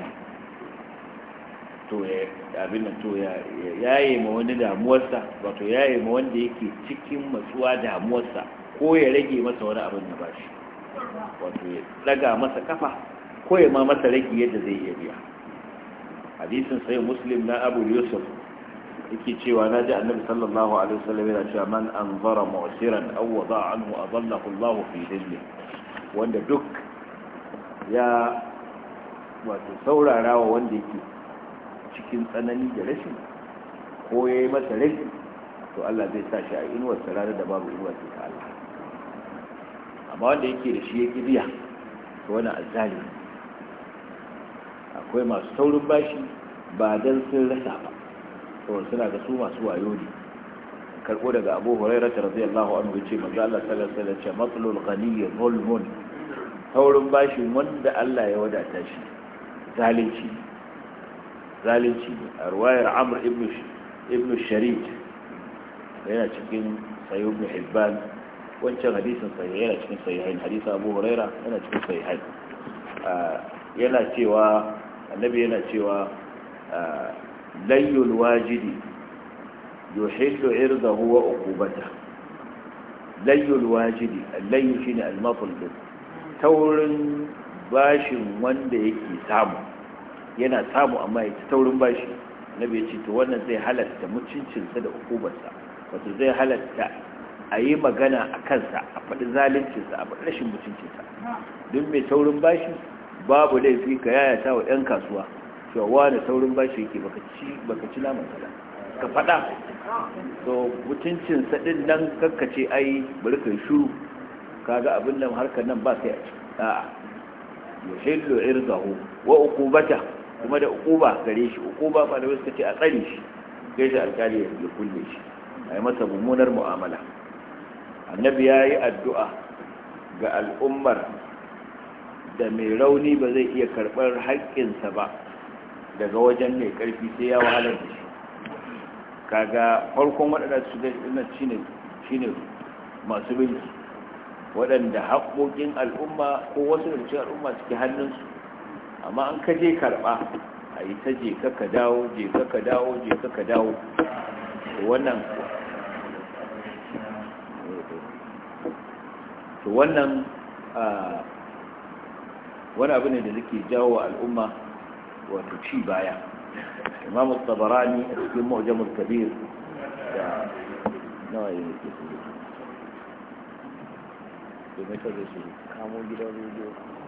Speaker 1: to ya abin nan to ya yaye ma wani damuwarsa wato yaye ma wanda yake cikin matsuwa damuwarsa ko ya rage masa wani abin da bashi wato ya daga masa kafa ko ya ma masa rage yadda zai iya biya hadisin sai muslim na abu yusuf yake cewa na ji annabi sallallahu alaihi wasallam yana cewa man anzara mu'siran aw wada anhu adallahu Allah fi dhilli wanda duk ya wato saurara wa wanda yake cikin tsanani da rashin ko ya yi masa rashin to Allah zai sa shi a inuwar ranar da babu inuwar sai ta Allah amma wanda yake da shi ya kiriya to wani azali akwai masu saurin bashi ba don sun rasa ba to suna ga su masu wayo ne karbo daga Abu Hurairah radiyallahu anhu ce maza Allah sallallahu alaihi wasallam gani ya zulmun saurin bashin wanda Allah ya wadata shi zalunci zalunci ne a ruwayar amur ibn sharid yana cikin sayo ibn hibban wancan hadisin sayi yana cikin sayihain hadisa abu huraira yana cikin sayihain yana cewa annabi yana cewa layyul wajidi yuhillu irdahu wa uqubatahu layyul wajidi allayyu shine al-maflud taurin bashin wanda yake samu yana samu amma ya taurin bashi na ya ce to wannan zai halatta mutuncinsa da hukumarsa wato zai halatta a yi magana a kansa a faɗi zalincinsa a faɗi rashin mutuncinsa don mai taurin bashi babu laifi ka yayata wa 'yan kasuwa cewa wani taurin bashi yake baka ci naman kala ka faɗa so mutuncin saɗin nan kakkace ai bari ka shuru kaga abin nan harkar nan ba sai a ci a yuhillu irzahu wa uqubata kuma da ukuba gare shi ukuba ba da wasu ce a tsari shi kai alkali ya kulle shi a yi masa mummunar mu'amala annabi ya yi addu'a ga al'ummar da mai rauni ba zai iya karɓar haƙƙinsa ba daga wajen mai ƙarfi sai ya wahalar da shi kaga farkon waɗanda su gashi shine masu binci waɗanda haƙoƙin al'umma ko wasu da al'umma suke hannunsu amma an ka je karɓa a yi ta je ka dawo je ka dawo je ka dawo wannan to wannan wani abu ne da zuke jawo wa al'umma wato ci baya imamu tsabarani a cikin mu'jamul kabir da nawa yi ne ke su domin ta zai su kamo gidan rediyo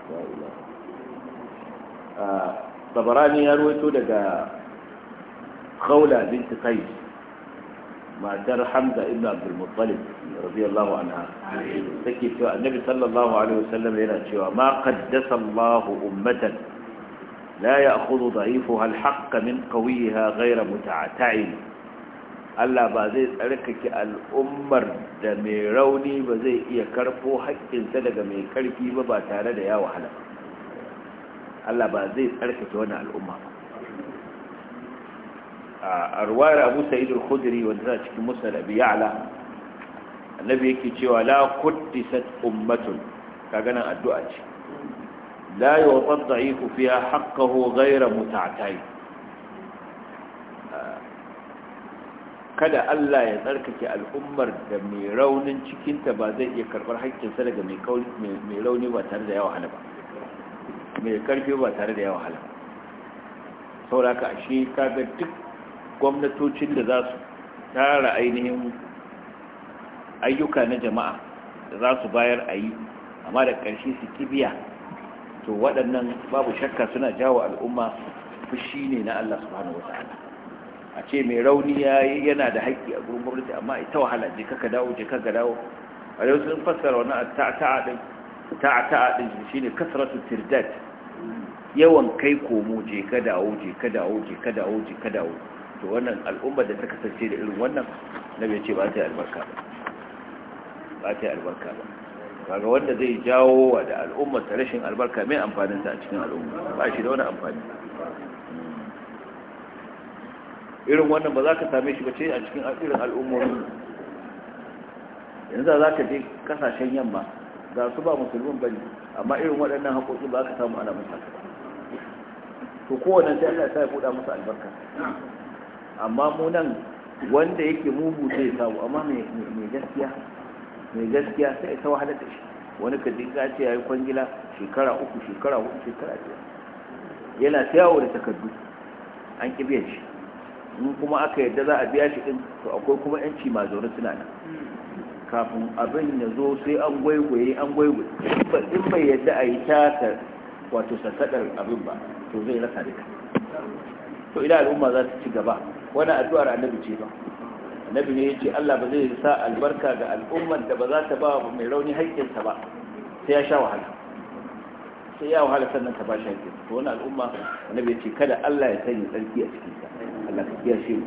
Speaker 1: wa'ula tabarani ya ruwaito daga khawla bint qais matar hamza ibn abdul muttalib radiyallahu anha take cewa annabi sallallahu alaihi wasallam yana cewa ma qaddasa Allah ummatan la ya'khudhu dha'ifuha al-haqq min qawiha ghayra muta'ata'in Allah ba zai tsarkake al'ummar da mai rauni ba zai iya karfo haƙƙinsa daga mai ƙarfi ba ba tare da ya wahala ba Allah ba zai tsarkake wannan al'umma a ruwayar abu sa'id al wanda za cikin musnad abi ya'la annabi yake cewa la quddisat ummatun ka ganin addu'a ce la yuwafad da'ifu fiha haqqahu ghayra muta'tai kada Allah ya tsarkake al'ummar da mai raunin cikinta ba zai iya karbar haƙƙinsa daga mai rauni ba tare da yawa hana ba mai karfi ba tare da yawa wahala saboda ka ashe kaga duk gwamnatocin da za su tara ainihin ayyuka na jama'a da za su bayar a yi amma da ƙarshe su kibiya to waɗannan babu shakka suna jawo al'umma fushi ne na Allah subhanahu wa ta'ala a ce mai rauni yana da haƙƙi a gurin gwamnati amma ita wahala je ka dawo je ka dawo a yau sun fassara wani ta'a ta'a ne shine kasratu tirdat yawan kai komo je ka dawo je ka dawo je ka dawo je ka dawo to wannan al'ummar da ta kasance da irin wannan nabi ce ba ta yi albarka ba ba ta yi albarka ba kaga wanda zai jawo wa da al'ummar ta rashin albarka mai amfanin ta a cikin al'umma ba shi da wani amfani irin wannan ba za ka same shi ba ce a cikin irin al'ummomi yanzu za ka je kasashen yamma ga su ba musulmin bane amma irin waɗannan haƙoƙi ba ka samu ana mutaka ba to kowane sai Allah ya ya buɗa musu albarka amma mu nan wanda yake mugu zai samu amma mai gaskiya mai gaskiya sai ta wahala da shi wani ka dinga ce yayi kwangila shekara uku shekara uku shekara biyar yana ta yawo da takardu an ki biyan shi in kuma aka yadda za a biya shi din to akwai kuma yanci ma zaune suna nan kafin abin ya zo sai an gwaigwaye an gwaigwaye in bai yadda a yi ta wato sassaɗar abin ba to zai rasa ka to idan al'umma za ta ci gaba wani addu'ar annabi ce ba annabi ne ya ce Allah ba zai sa albarka ga al'ummar da ba za ta ba mai rauni haƙƙinsa ba sai ya sha wahala sai ya wahala sannan ta ba shi haƙƙinsa to wani al'umma annabi ya ce kada Allah ya sanya tsarki a cikinsa Allah ka kiyashe shi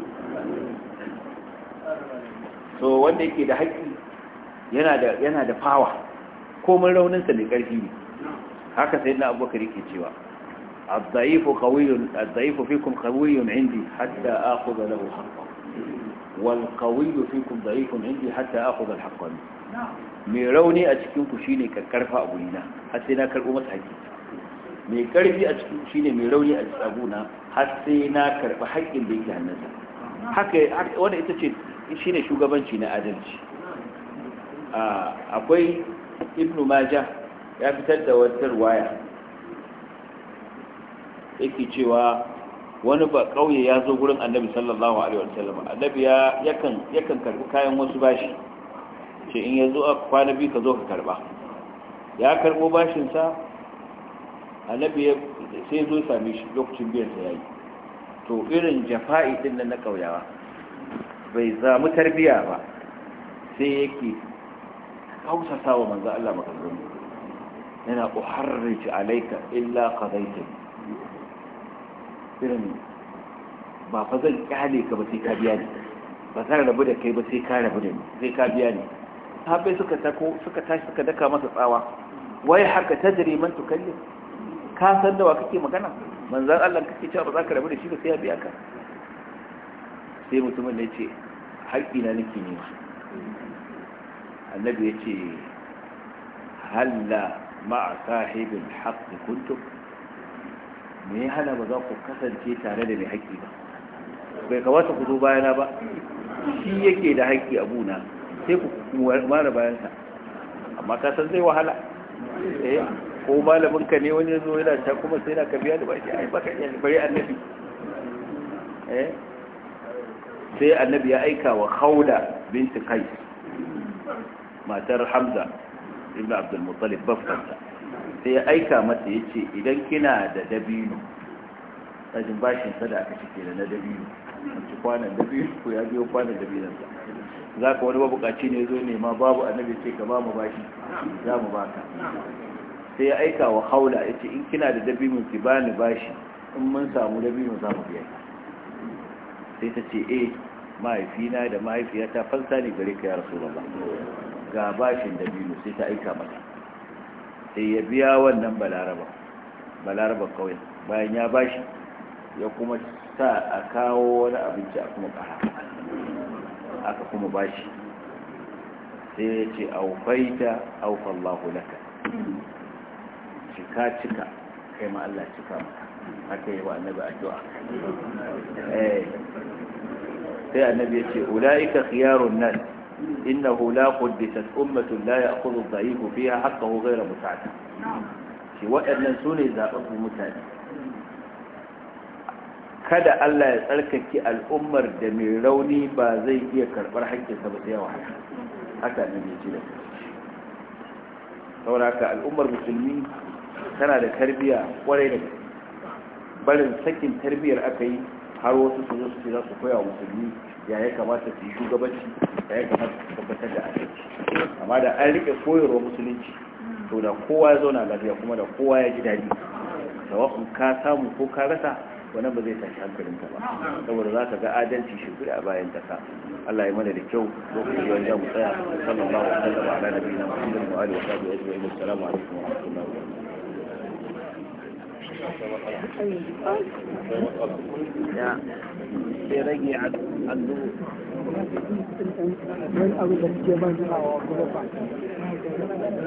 Speaker 1: so wanda yake da haƙƙi yana da yana da fawa komai rauninsa mai ƙarfi ne haka sai na abubakar yake cewa الضعيف قوي الضعيف فيكم قوي عندي حتى آخذ له حقه والقوي فيكم ضعيف عندي حتى آخذ الحق منه mai rauni a cikinku shi ne karkarfa a gurina har sai na karɓo masa haƙƙinsa mai a cikin shi ne mai rauni a tsaguna har sai na karɓi haƙƙin da yake hannunsa haka wanda ita ce shi shugabanci na adalci akwai ibnu maja ya fitar da wata waya yake cewa wani ba kauye ya zo gurin annabi sallallahu alaihi wasallam annabi ya yakan yakan karbi kayan wasu bashi ce in ya zo a kwana biyu ka zo ka karba ya karbo bashin sa annabi sai zo same shi lokacin biyan sa yayi to irin jafa'i din na kauyawa bai zamu tarbiya ba sai yake kausasa wa manzo Allah maganganu yana uharrij alayka illa qadaytani irin ba fa zan kyale ka ba sai ka biya ni ba zan rabu da kai ba sai ka rabu da ni sai ka biya ni sahabbai suka tako suka tashi suka daka masa tsawa wai haka tajri man tukalli ka san da wa kake magana manzan Allah kake cewa ba za ka rabu da shi ba sai ya biya ka sai mutumin ne ce haƙƙi na nake nema annabi ya ce halla ma'a sahibin haƙƙi kuntum me ya hana ba za ku kasance tare da mai haƙƙi ba bai kamata ku zo bayana ba shi yake da haƙƙi a buna sai ku mara bayansa amma ka san zai wahala eh ko malamin ka ne wani ya zo yana ta kuma sai na ka biya da baki ai baka iya bari annabi eh sai annabi ya aika wa khawda binti Kai, matar hamza ibn abdul muttalib bafkanta sai ya aika masa ya ce idan kina da dabino rajin bashin sada aka cike da na dabino wacce kwanan dabino ko ya biyo kwanan dabinansa za ka wani mabukaci ne zo nema babu annabi ce ka ba mu bashi za mu baka sai ya aika wa haula ya ce in kina da dabino ki bani bashi in mun samu dabino za mu biya sai ta ce eh mahaifina da mahaifiyata fansa ne gare ka ya rasu ga bashin dabino sai ta aika mata sai ya biya wannan balaraba balaraba kawai bayan ya bashi ya kuma sa a kawo wani abinci a kuma ƙara aka kuma bashi sai ya ce aufaita aufallahu laka cika cika kai ma Allah cika maka haka yi wa annabi addu'a eh sai annabi ya ce ula'ika khiyarun nan. innahu la quddisat ummatun la ya'khudhu dhaifu fiha haqqahu ghayra muta'addi shi waɗannan su ne zaɓaɓɓun mutane kada Allah ya tsarkake al'ummar da mai rauni ba zai iya karɓar haƙƙinsa ba sai wahala haka ne ne ce da sauraka al'ummar musulmi tana da tarbiyya kwarai da barin sakin tarbiyyar aka yi har wasu su zo su ce za su musulmi ya ya kamata su yi shugabanci ya ya kamata su tabbatar da adalci amma da an rike koyarwa musulunci to da kowa ya zauna lafiya kuma da kowa ya ji daɗi sawa'un ka samu ko ka rasa wannan ba zai tashi ta ba saboda za ka ga adalci shi a bayan ƙasa Allah ya mana da kyau lokacin yawan jamu tsaya sallallahu alaihi wa sallam ala nabiyina Muhammadin wa alihi wa sahbihi wa assalamu alaikum wa rahmatullahi wa barakatuh يرجع عنده من أول الجبل